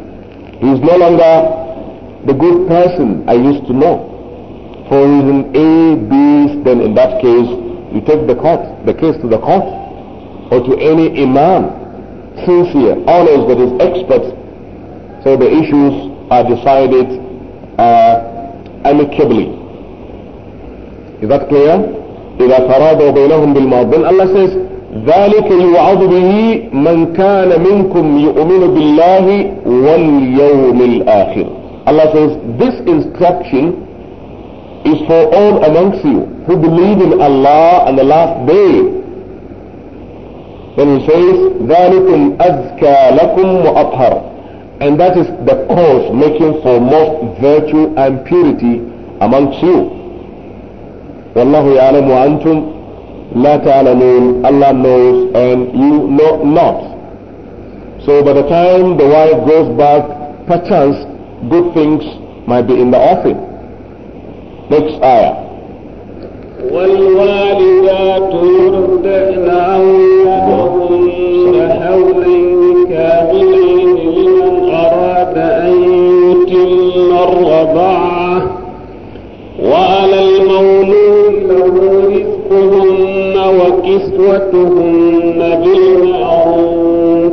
He is no longer the good person I used to know. For reason A, B, then in that case, you take the court, the case to the court or to any imam, sincere, honest, that is expert. So the issues are decided uh, amicably. Is that clear? إذا تراضوا بينهم بالمعضل Allah says ذلك يوعظ به من كان منكم يؤمن بالله واليوم الآخر Allah says this instruction is for all amongst you who believe in Allah and the last day then he says ذلكم أزكى لكم وأطهر and that is the cause making for most virtue and purity amongst you والله يعلم وأنتم La ta'alamun, Allah knows, and you know not. So by the time the wife goes back, perchance good things might be in the offering. Next ayah. والوالدات يرضعن كسوتهن بالمعروف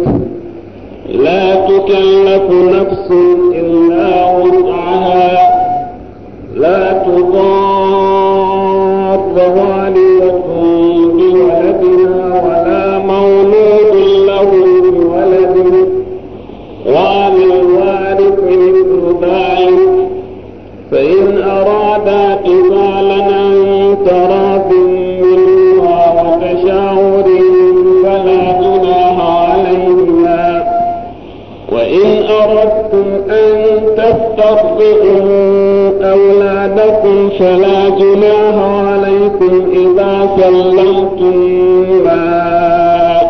لا تكلف نفس فلا جناح عليكم إذا سلمتم ما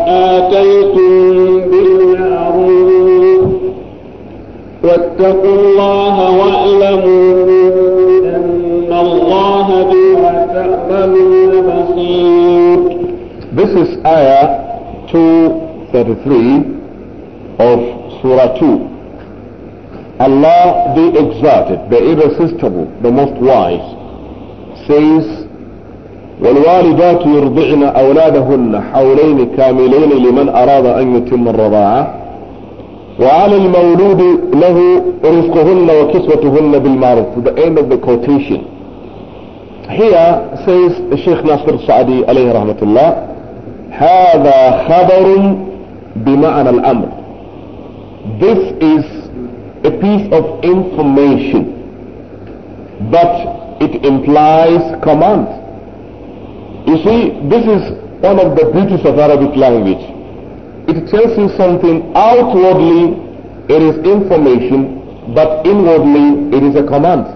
آتيتم بالمعروف واتقوا الله واعلموا أن الله بما تعملون بصير This is ayah 233 of Surah 2. Allah, the exalted, the irresistible, the most wise, says والوالدات يرضعن أولادهن حولين كاملين لمن أراد أن يتم الرضاعة وعلى المولود له رزقهن وكسوتهن بالمعروف the end of the quotation here says الشيخ ناصر السعدي عليه رحمة الله هذا خبر بمعنى الأمر this is a piece of information but It implies command. You see, this is one of the beauties of Arabic language. It tells you something outwardly, it is information, but inwardly, it is a command.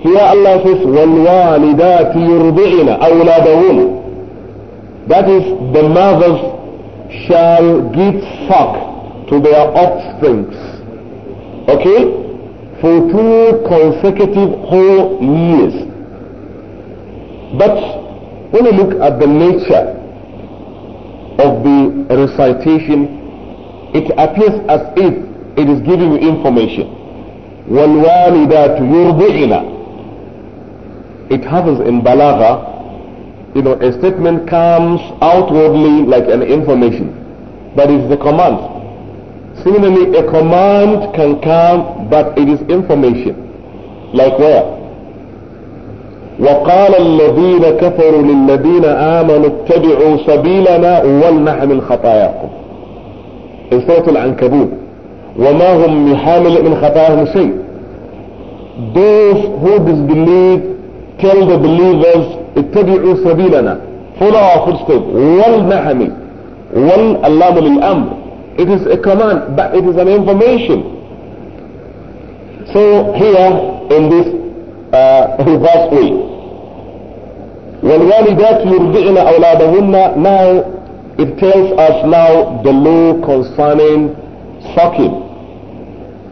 Here Allah says, وَالْوَالِدَاتِ يُرْضِعِنَ أَوْلَادَهُنَ That is, the mothers shall give suck to their offsprings. Okay? for two consecutive whole years. But when we look at the nature of the recitation, it appears as if it is giving you information. وَالْوَالِدَاتُ يُرْضِعِنَا It happens in Balagha, you know, a statement comes outwardly like an information, but it's the command. Similarly, a command can come, but it is information. Like where? وقال الذين كفروا للذين آمنوا اتبعوا سبيلنا ولنحمل خطاياكم سورة العنكبوت وما هم بحامل من خطاياهم شيء those who disbelieve tell the believers اتبعوا سبيلنا follow our footsteps ولنحمل وال اللام للأمر It is a command, but it is an information. So here in this uh, reverse way, والوالدات يرضعن أولادهن now it tells us now the law concerning sucking,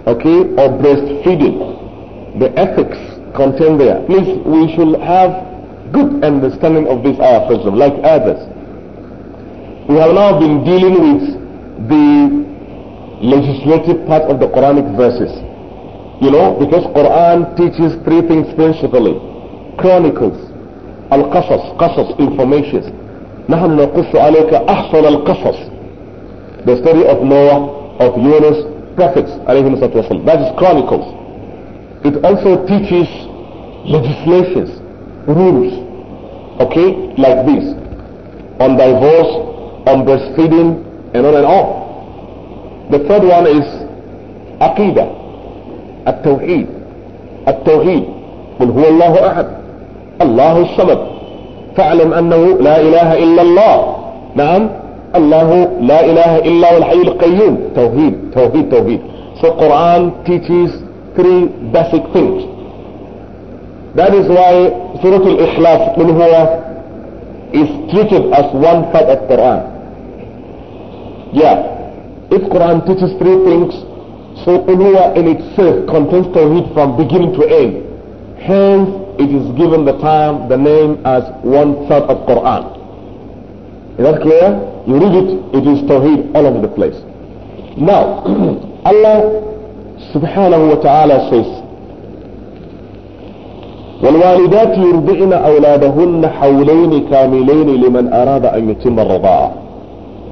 okay, or breastfeeding, the ethics contained there. Please, we should have good understanding of this ayah first of all, like others. We have now been dealing with legislative part of the Quranic verses. You know, because Quran teaches three things principally. Chronicles, Al-Qasas, Qasas, informations. نحن نقص عليك أحسن القصص. The story of Noah, of Yunus, prophets, alayhim wasallam. That is Chronicles. It also teaches legislations, rules, okay, like this. On divorce, on breastfeeding, and on and on. The third one is Aqidah. التوحيد التوحيد قل هو الله أحد الله الصمد فاعلم أنه لا إله إلا الله نعم الله لا إله إلا هو الحي القيوم توحيد توحيد توحيد So Quran teaches three basic things That is why Surah Al-Ikhlas من هو is treated as one part of Quran Yeah If Quran teaches three things, so Uluwa in itself contains Tawheed from beginning to end. Hence, it is given the time, the name as one third of Quran. Is that clear? You read it, it is Tawheed all over the place. Now, Allah subhanahu wa ta'ala says, والوالدات يرضعن أولادهن حولين كاملين لمن أراد أن يتم الرضاعة.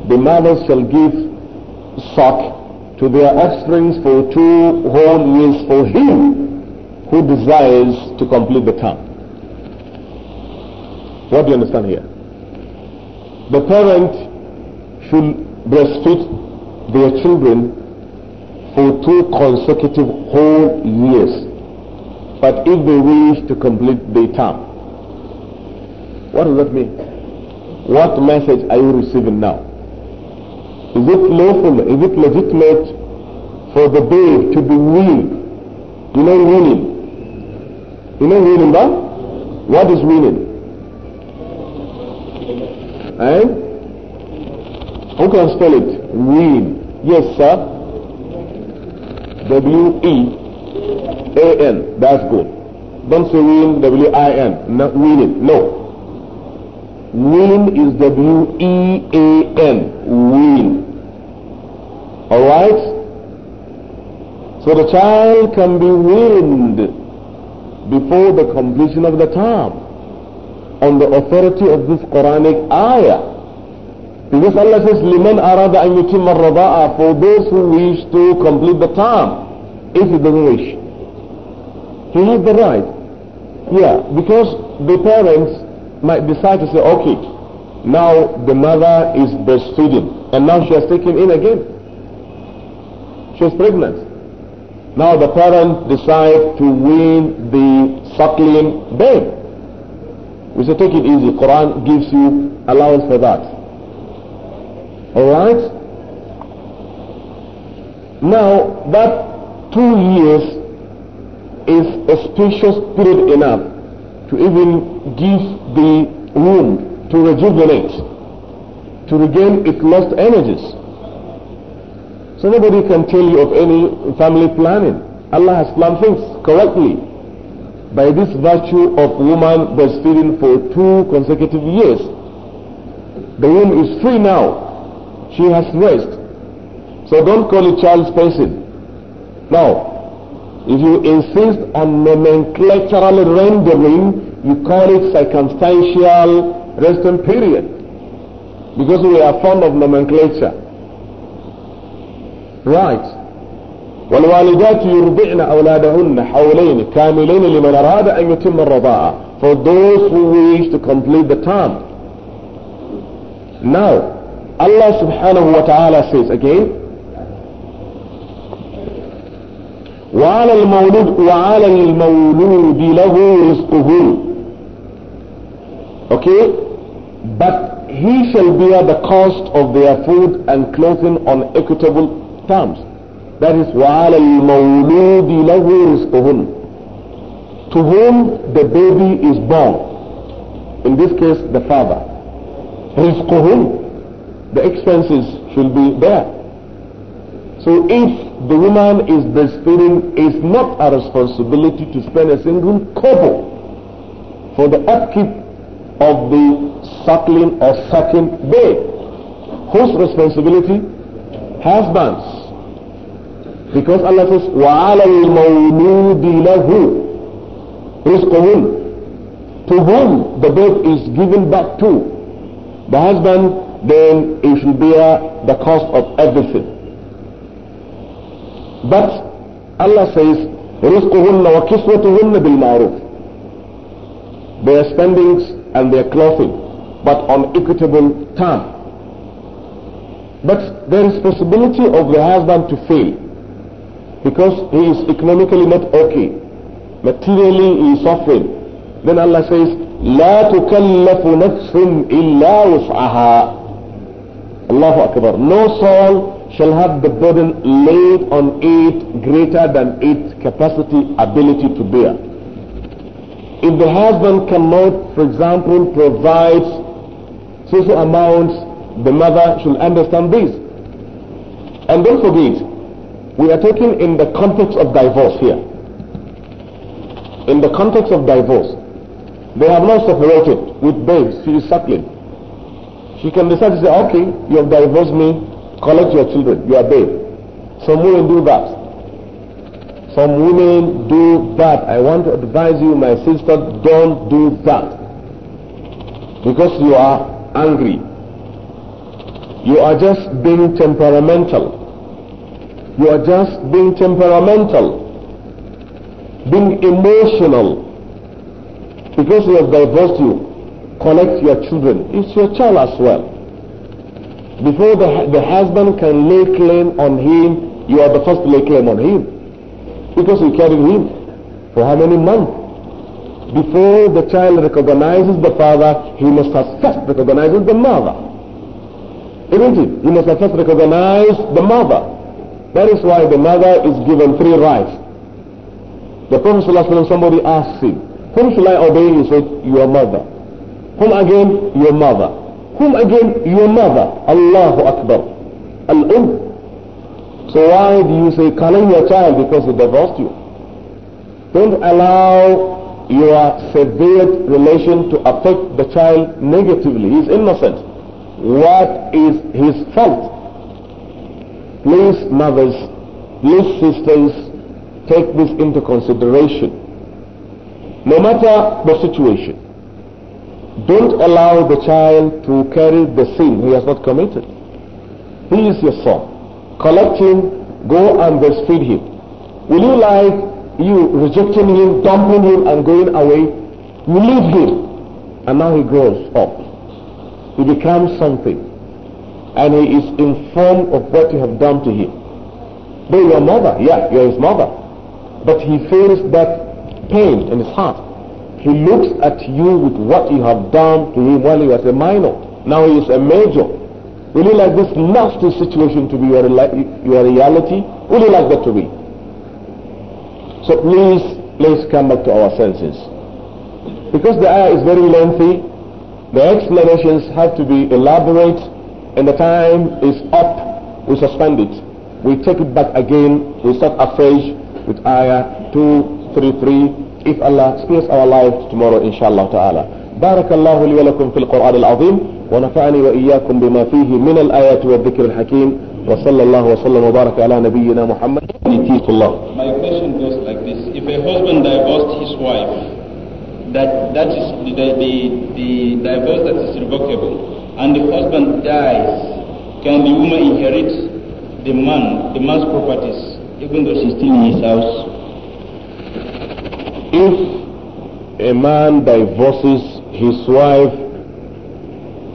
The mothers shall give Suck to their offsprings for two whole years for him who desires to complete the term. What do you understand here? The parent should breastfeed their children for two consecutive whole years, but if they wish to complete the term. What does that mean? What message are you receiving now? Is it lawful, is it legitimate for the babe to be weaned? You know weaning? You know weaning, ba? What is weaning? Eh? Who can spell it? Wean. Yes, sir. W-E-A-N. That's good. Don't say wean, W-I-N. Not weaning. No. Neem is W-E-A-M, wean. Alright? So the child can be weaned before the completion of the term on the authority of this Quranic ayah. Because Allah says, "Liman أَرَادَ أَنْ يُتِمَّ الرَّضَاءَ For those who wish to complete the term, if he doesn't wish. He has the right. Yeah, because the parents might decide to say, okay, now the mother is breastfeeding and now she has taken in again. She's pregnant. Now the parent decides to wean the suckling babe. We say take it easy. Quran gives you allowance for that. Alright? Now that two years is a spacious period enough to even give the womb to rejuvenate, to regain its lost energies. So nobody can tell you of any family planning. Allah has planned things correctly by this virtue of woman breastfeeding for two consecutive years. The womb is free now. She has rest. So don't call it child's person. Now, if you insist on nomenclatural rendering, you call it circumstantial resting period. Because we are fond of nomenclature. Right. والوالدات يرضعن أولادهن حولين كاملين لمن أراد أن يتم الرضاعة for those who wish to complete the term. Now, Allah subhanahu wa ta'ala says again, وعلى المولود وعلى المولود له رزقه okay but he shall bear the cost of their food and clothing on equitable terms that is وعلى المولود له رزقهن to whom the baby is born in this case the father رزقهن the expenses should be there so if the woman is is not a responsibility to spend a single kobo for the upkeep of the suckling or sucking babe. Whose responsibility? Husbands. Because Allah says, وَعَلَى الْمَوْلُودِ لَهُ رِزْقُهُمْ To whom the babe is given back to. The husband, then he should bear the cost of everything. But Allah says, رزقهن وكسوتهن بالمعروف. Their spendings and their clothing, but on equitable terms. But there is possibility of the husband to fail because he is economically not okay. Materially he is suffering. Then Allah says, لا تكلف نفس إلا وسعها. Allahu Akbar. No soul shall have the burden laid on it greater than its capacity, ability to bear. If the husband cannot, for example, provide social amounts, the mother should understand this. And don't forget, we are talking in the context of divorce here. In the context of divorce, they have not separated with babes. She is suckling. She can decide to say, okay, you have divorced me. Collect your children, your babe. Some women do that. Some women do that. I want to advise you, my sister, don't do that. Because you are angry. You are just being temperamental. You are just being temperamental. Being emotional. Because we have divorced you. Collect your children. It's your child as well before the, the husband can lay claim on him, you are the first to lay claim on him. Because you carried him for how many months? Before the child recognizes the father, he must have first recognize the mother. Isn't it? He must have first recognize the mother. That is why the mother is given three rights. The Prophet ﷺ, somebody asked him, whom should I obey? He said, your mother. Whom again? Your mother. Whom again? Your mother. Allahu Akbar. Al-Um. So why do you say calling your child because he divorced you? Don't allow your severed relation to affect the child negatively. He's innocent. What is his fault? Please, mothers, please, sisters, take this into consideration. No matter the situation, don't allow the child to carry the sin he has not committed. He is your son. Collect him, go and breastfeed him. Will you like you rejecting him, dumping him and going away? You leave him. And now he grows up. He becomes something. And he is informed of what you have done to him. Though your mother, yeah, you're his mother. But he feels that pain in his heart. He looks at you with what you have done to him while he was a minor. Now he is a major. Will you like this nasty situation to be your, your reality? Will you like that to be? So please, please come back to our senses. Because the ayah is very lengthy, the explanations have to be elaborate, and the time is up. We suspend it. We take it back again. We start afresh with ayah 233 if Allah spares our life tomorrow inshallah ta'ala بارك الله لي ولكم في القرآن العظيم ونفعني وإياكم بما فيه من الآيات والذكر الحكيم وصلى الله وسلم وبارك على نبينا محمد الله My question goes like this If a husband divorced his wife that that is the, the, the divorce that is revocable and the husband dies can the woman inherit the man the man's properties even though she's still in his house if a man divorces his wife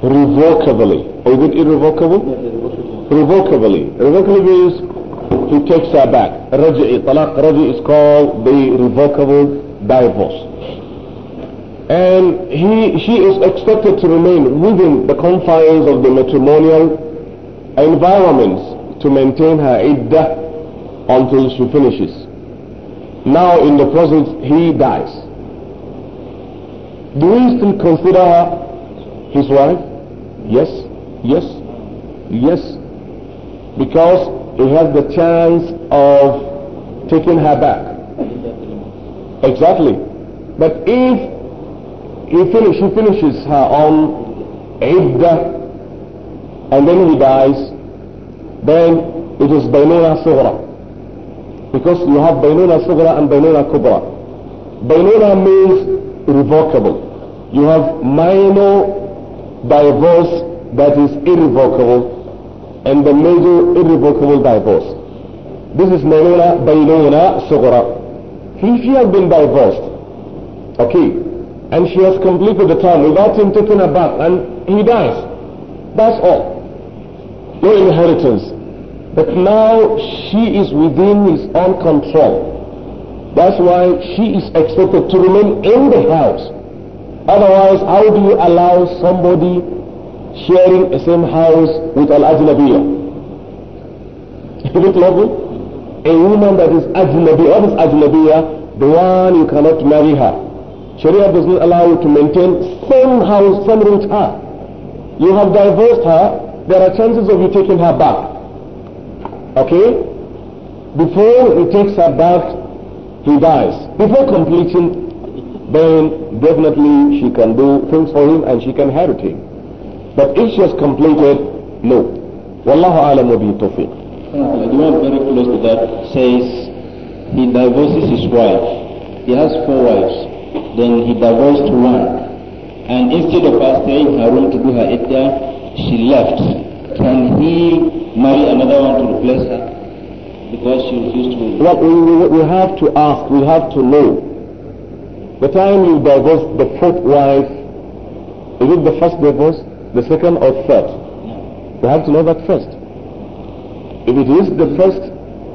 revocably, is it irrevocable? Revocably. Revocably means he takes her back. Raj'i, talaq raj'i is called the revocable divorce. And he, she is expected to remain within the confines of the matrimonial environments to maintain her iddah until she finishes. Now in the present, he dies. Do we still consider her his wife? Yes, yes, yes. Because he has the chance of taking her back. Exactly. But if he finish, he finishes her on iddah and then he dies, then it is Bainuna Sughra because you have Bainuna Sugra and Bainuna Kubra. Bainuna means irrevocable. You have minor divorce that is irrevocable and the major irrevocable divorce. This is Bainuna, Bainuna Sugra. He, she has been divorced. Okay. And she has completed the term without him taking a bath and he dies. That's all. No inheritance. But now she is within his own control. That's why she is expected to remain in the house. Otherwise, how do you allow somebody sharing the same house with an ajnabiya? Is it lovely? A woman that is ajnabiya, what is ajnabiya? The one you cannot marry her. Sharia does not allow you to maintain same house, same with her. You have divorced her, there are chances of you taking her back. Okay? Before he takes her bath, he dies. Before completing, then definitely she can do things for him and she can inherit him. But if she has completed, no. Wallahu alam wa bihi tawfiq. The one very close to that says he divorces his wife. He has four wives. Then he divorced one. And instead of her staying in her room to do her iddah, she left. Can he marry another one to replace her because she refused to marry? we, we have to ask, we have to know. The time you divorce the fourth wife, is it the first divorce, the second or third? No. We have to know that first. If it is the first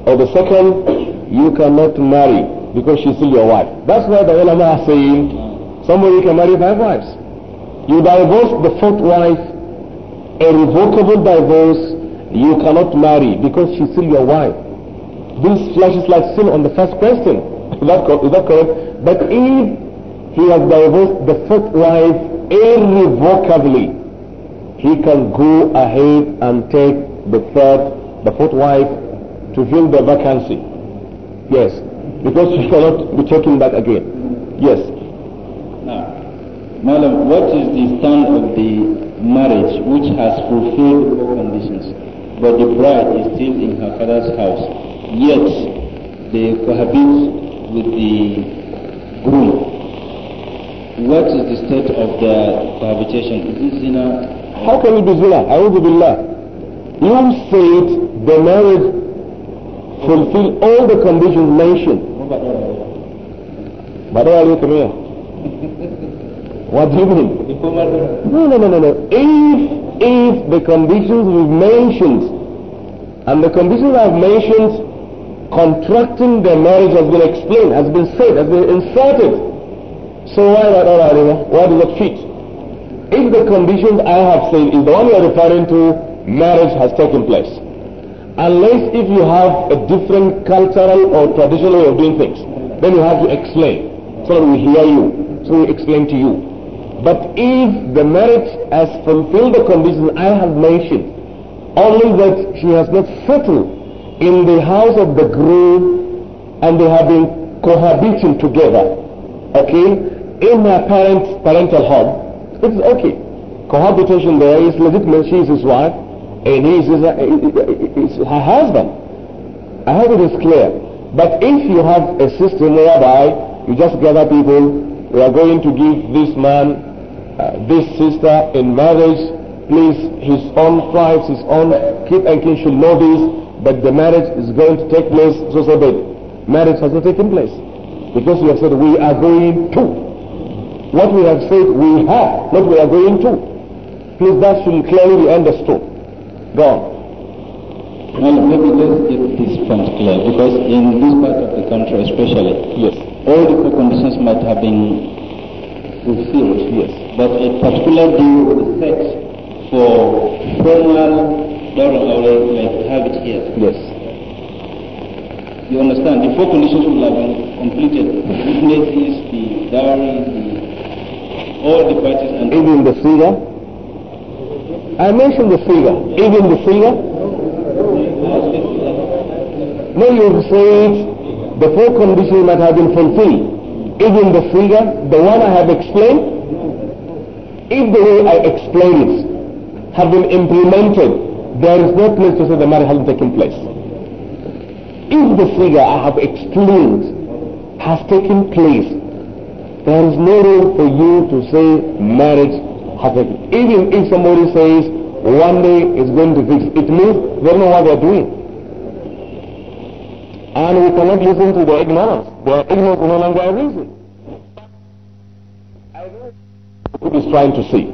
or the second, you cannot marry because she's still your wife. That's why the ulama are saying no. somebody can marry five wives. You divorce the fourth wife, a revocable divorce, you cannot marry because she's still your wife. This flashes like sin on the first question. Is that correct? But if he has divorced the first wife irrevocably, he can go ahead and take the third, the fourth wife to fill the vacancy. Yes, because she cannot be taken back again. Yes. Now, Madam, what is the stand of the marriage which has fulfilled all conditions? but the bride is still in her father's house. Yet they cohabit with the groom. What is the state of their cohabitation? Is it zina? How can it be zina? A'udhu billah. You said the marriage fulfill all the conditions mentioned. But why are you coming here? What do you mean? No, no, no, no, no. If if the conditions we've mentioned, and the conditions I've mentioned, contracting the marriage has been explained, has been said, has been inserted. So why not Arima? Why does it fit? If the conditions I have said is the one you're referring to, marriage has taken place. Unless if you have a different cultural or traditional way of doing things, then you have to explain so that we hear you, so we explain to you. But if the marriage has fulfilled the conditions I have mentioned, only that she has not settled in the house of the groom and they have been cohabiting together, okay, in her parents' parental home, it's okay. Cohabitation there is legitimate. She is his wife and he is, his, her husband. I hope it is clear. But if you have a system whereby you just gather people, we are going to give this man uh, this sister in marriage, please, his own tribes, his own kid and kin should know this, but the marriage is going to take place, so so bad. Marriage has not taken place. Because we have said we are going to. What we have said we have, not we are going to. Please, that should clearly be understood. Go on. Well, maybe let's get this point clear because in this part of the country especially, yes. all the preconditions might have been with yes. But a particular day was set for formal borrowing or have it here. Yes. You understand? The four conditions will have been completed. The witnesses, the dowry, the, all the parties and even the figure. I mentioned the figure. Even the figure. No, you have said The four conditions might have been fulfilled. Even the finger, the one I have explained, if the way I explain it have been implemented, there is no place to say the marriage hasn't taken place. If the figure I have explained has taken place, there is no room for you to say marriage has taken Even if somebody says one day it's going to fix, it means they don't know what they're doing. And we cannot listen to their ignorance. They are ignorant no longer a reason. I know what is trying to say.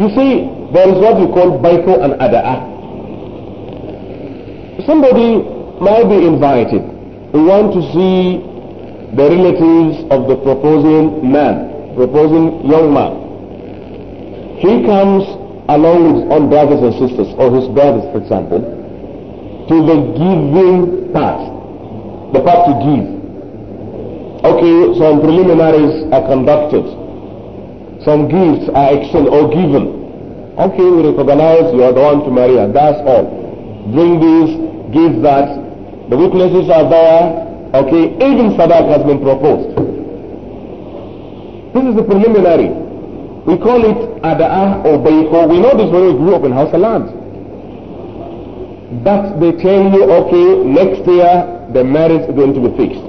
You see, there is what we call baiko and ada'a. Somebody might be invited. We want to see the relatives of the proposing man, proposing young man. He comes along with his own brothers and sisters, or his brothers, for example, to the giving part the part to give. Okay, some preliminaries are conducted. Some gifts are exchanged or given. Okay, we recognize you are the one to marry her. That's all. Bring this, give that. The witnesses are there. Okay, even Sadak has been proposed. This is the preliminary. We call it Ada'ah or Bayko. We know this when we grew up in House land. But they tell you, okay, next year the marriage is going to be fixed.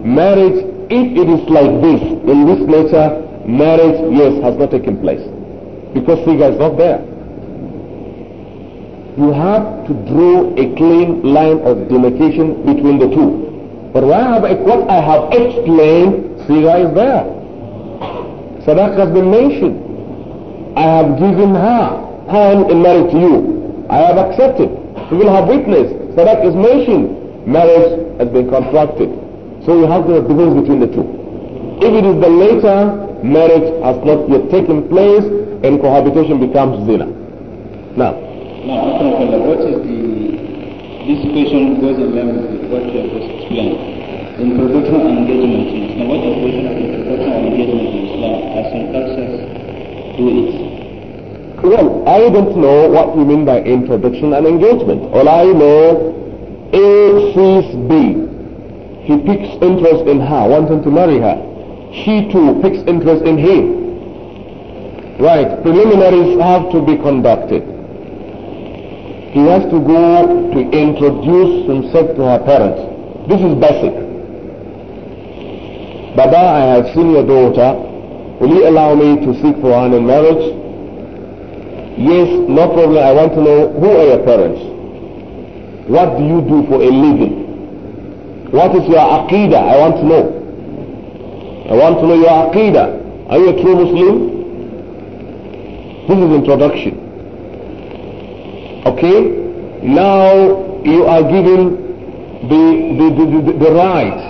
Marriage, if it is like this, in this nature, marriage, yes, has not taken place. Because figure is not there. You have to draw a clean line of demarcation between the two. But what I have explained, figure is there. Sadaqah has been mentioned. I have given her hand in marriage to you. I have accepted. You will have witness. Sadaq is mentioned marriage has been contracted. So you have the difference between the two. If it is the later, marriage has not yet taken place and cohabitation becomes zina. Now. Now, what is the, this question goes in line with what you have just explained. In proportional engagement in Islam, what is and engagement in Islam as in cultures do it? Well, I don't know what you mean by introduction and engagement. All I know a sees B. He picks interest in her, wanting to marry her. She too picks interest in him. Right, preliminaries have to be conducted. He has to go to introduce himself to her parents. This is basic. Baba, I have seen your daughter. Will you allow me to seek for her in marriage? Yes, no problem. I want to know who are your parents? What do you do for a living? What is your aqidah? I want to know. I want to know your aqidah. Are you a true Muslim? This is introduction. Okay? Now you are given the, the, the, the, the right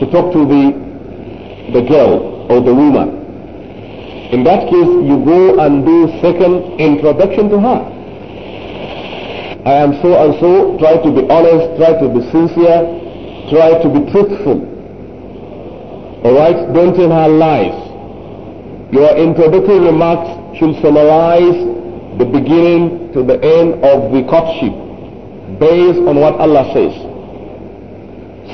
to talk to the, the girl or the woman. In that case, you go and do second introduction to her. I am so and so, try to be honest, try to be sincere, try to be truthful. Alright, don't tell her lies. Your introductory remarks should summarize the beginning to the end of the courtship based on what Allah says.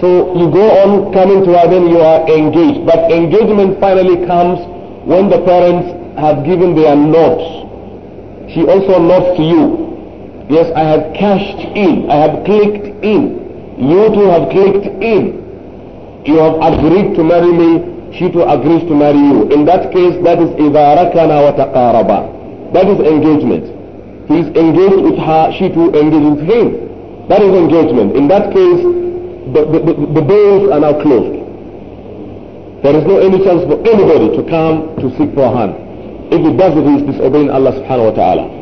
So you go on coming to her when you are engaged. But engagement finally comes when the parents have given their nods. She also nods to you Yes, I have cashed in. I have clicked in. You too have clicked in. You have agreed to marry me. She too agrees to marry you. In that case, that is إِذَا رَكَنَا وَتَقَارَبَا That is engagement. He is engaged with her. She too engages with him. That is engagement. In that case, the, the, the, the doors are now closed. There is no any chance for anybody to come to seek for her. If he does it, he is disobeying Allah subhanahu wa ta'ala.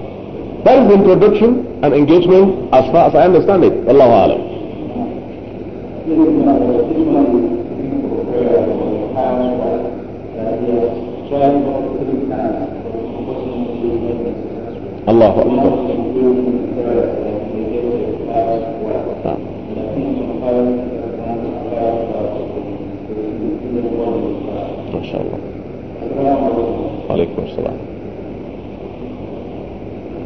That is introduction and engagement as far as I understand it. Allahu Alam. Allahu Akbar. MashaAllah. Alaikum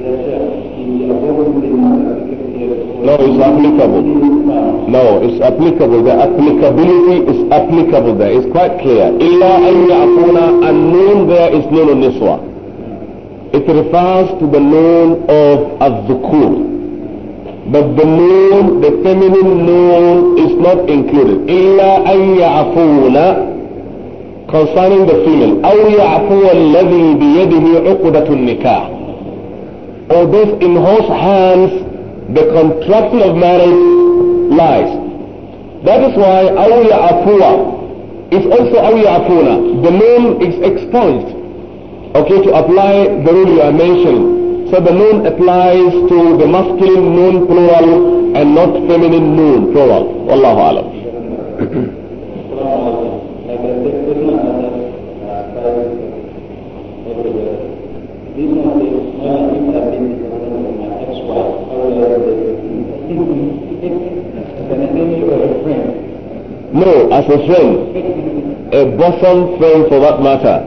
No, it's applicable. No, it's applicable. The applicability is applicable there. It's quite clear. إلا أن يكون النون there is نون niswa. It refers to the noon of الذكور. But the noon, the feminine noon is not included. إلا أن يعفون concerning the female. أو يعفو الذي biyadihi عقدة النكاح. or those in whose hands the contraction of marriage lies. That is why Awiya Afua is also Awiya Afuna. The name is expunged, okay, to apply the rule you are mentioning. So the noun applies to the masculine noun plural and not feminine noun plural. Wallahu alam. No, as a friend. A bosom friend for that matter.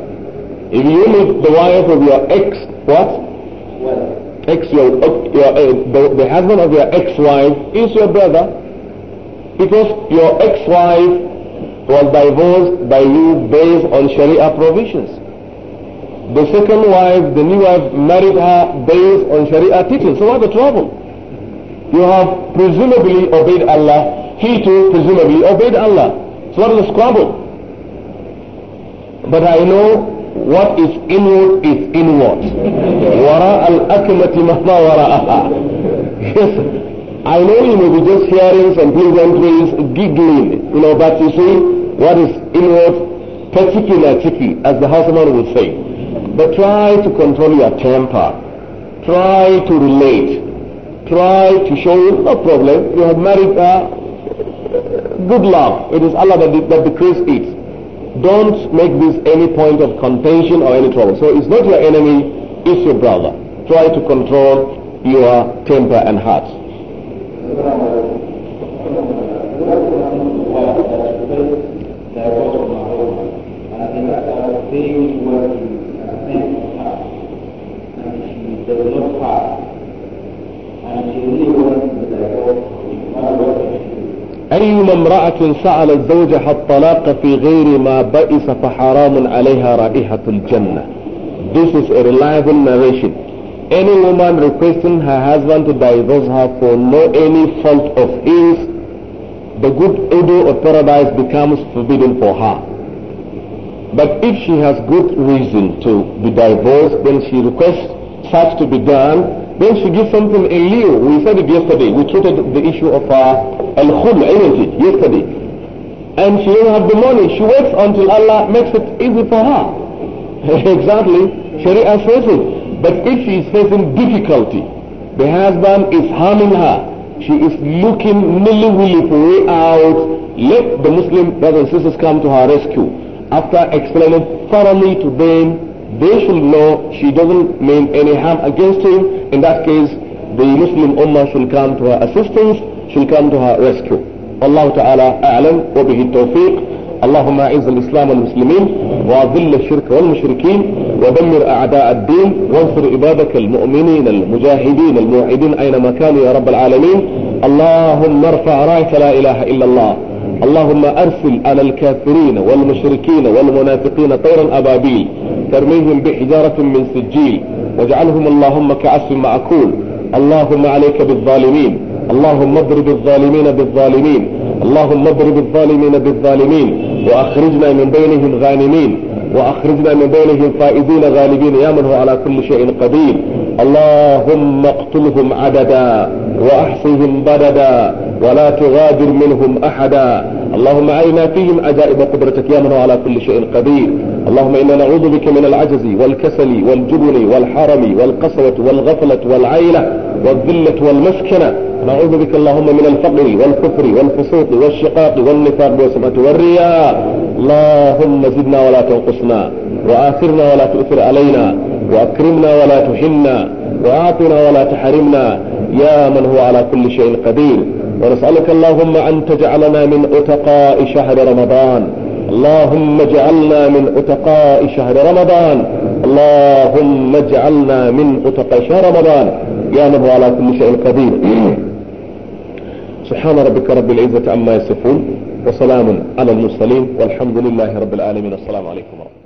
If you meet the wife of your ex, what? Well. Ex, your, your uh, the, the husband of your ex-wife is your brother. Because your ex-wife was divorced by you based on Sharia provisions. The second wife, the new wife, married her based on Sharia teachings. So what's the trouble? You have presumably obeyed Allah he too, presumably, obeyed Allah. It's not a squabble. But I know what is inward is inward. Wara al-akmati mahma wara'aha. Yes, I know you may be just hearing some pleasantries, giggling, you know, but you see, what is inward, particular tricky, as the houseman would say. But try to control your temper. Try to relate. Try to show you, no problem, you have married her, uh, good love. It is Allah that, that decrees it. Don't make this any point of contention or any trouble. So it's not your enemy, it's your brother. Try to control your temper and heart. أيما امرأة سألت زوجها الطلاق في غير ما بئس فحرام عليها رائحة الجنة This is a reliable narration. Any woman requesting her husband to divorce her for no any fault of his, the good odor of paradise becomes forbidden for her. But if she has good reason to be divorced, then she requests such to be done then she gives something in lieu. We said it yesterday. We treated the issue of uh, al-khul, yesterday. And she doesn't have the money. She waits until Allah makes it easy for her. exactly. Sharia says it. But if she is facing difficulty, the husband is harming her. She is looking nilly-willy for way out. Let the Muslim brothers and sisters come to her rescue. After explaining thoroughly to them they should know she doesn't mean any harm against him. In that case, the Muslim Ummah should come to her assistance, should come to her rescue. الله تعالى أعلم وبه التوفيق اللهم أعز الإسلام والمسلمين وأذل الشرك والمشركين ودمر أعداء الدين وانصر عبادك المؤمنين المجاهدين الموحدين أينما كانوا يا رب العالمين اللهم ارفع راية لا إله إلا الله اللهم أرسل على الكافرين والمشركين والمنافقين طيرا أبابيل ترميهم بحجارة من سجيل واجعلهم اللهم كعس معقول اللهم عليك بالظالمين اللهم اضرب الظالمين بالظالمين اللهم اضرب الظالمين بالظالمين وأخرجنا من بينهم غانمين وأخرجنا من بينهم فائزين غالبين يا من هو على كل شيء قدير اللهم اقتلهم عددا وأحصهم بددا ولا تغادر منهم أحدا اللهم أرنا فيهم عجائب قدرتك يا من هو على كل شيء قدير اللهم إنا نعوذ بك من العجز والكسل والجبن والحرم والقسوة والغفلة والعيلة والذلة والمسكنة نعوذ بك اللهم من الفقر والكفر والفسوق والشقاق والنفاق والسمعة والرياء اللهم زدنا ولا تنقصنا وآثرنا ولا تؤثر علينا وأكرمنا ولا تحنا وأعطنا ولا تحرمنا يا من هو على كل شيء قدير ونسألك اللهم أن تجعلنا من أتقاء شهر رمضان اللهم اجعلنا من أتقاء شهر رمضان اللهم اجعلنا من أتقاء شهر رمضان يا من هو على كل شيء قدير سبحان ربك رب العزة عما يصفون وسلام على المرسلين والحمد لله رب العالمين السلام عليكم ورحمة الله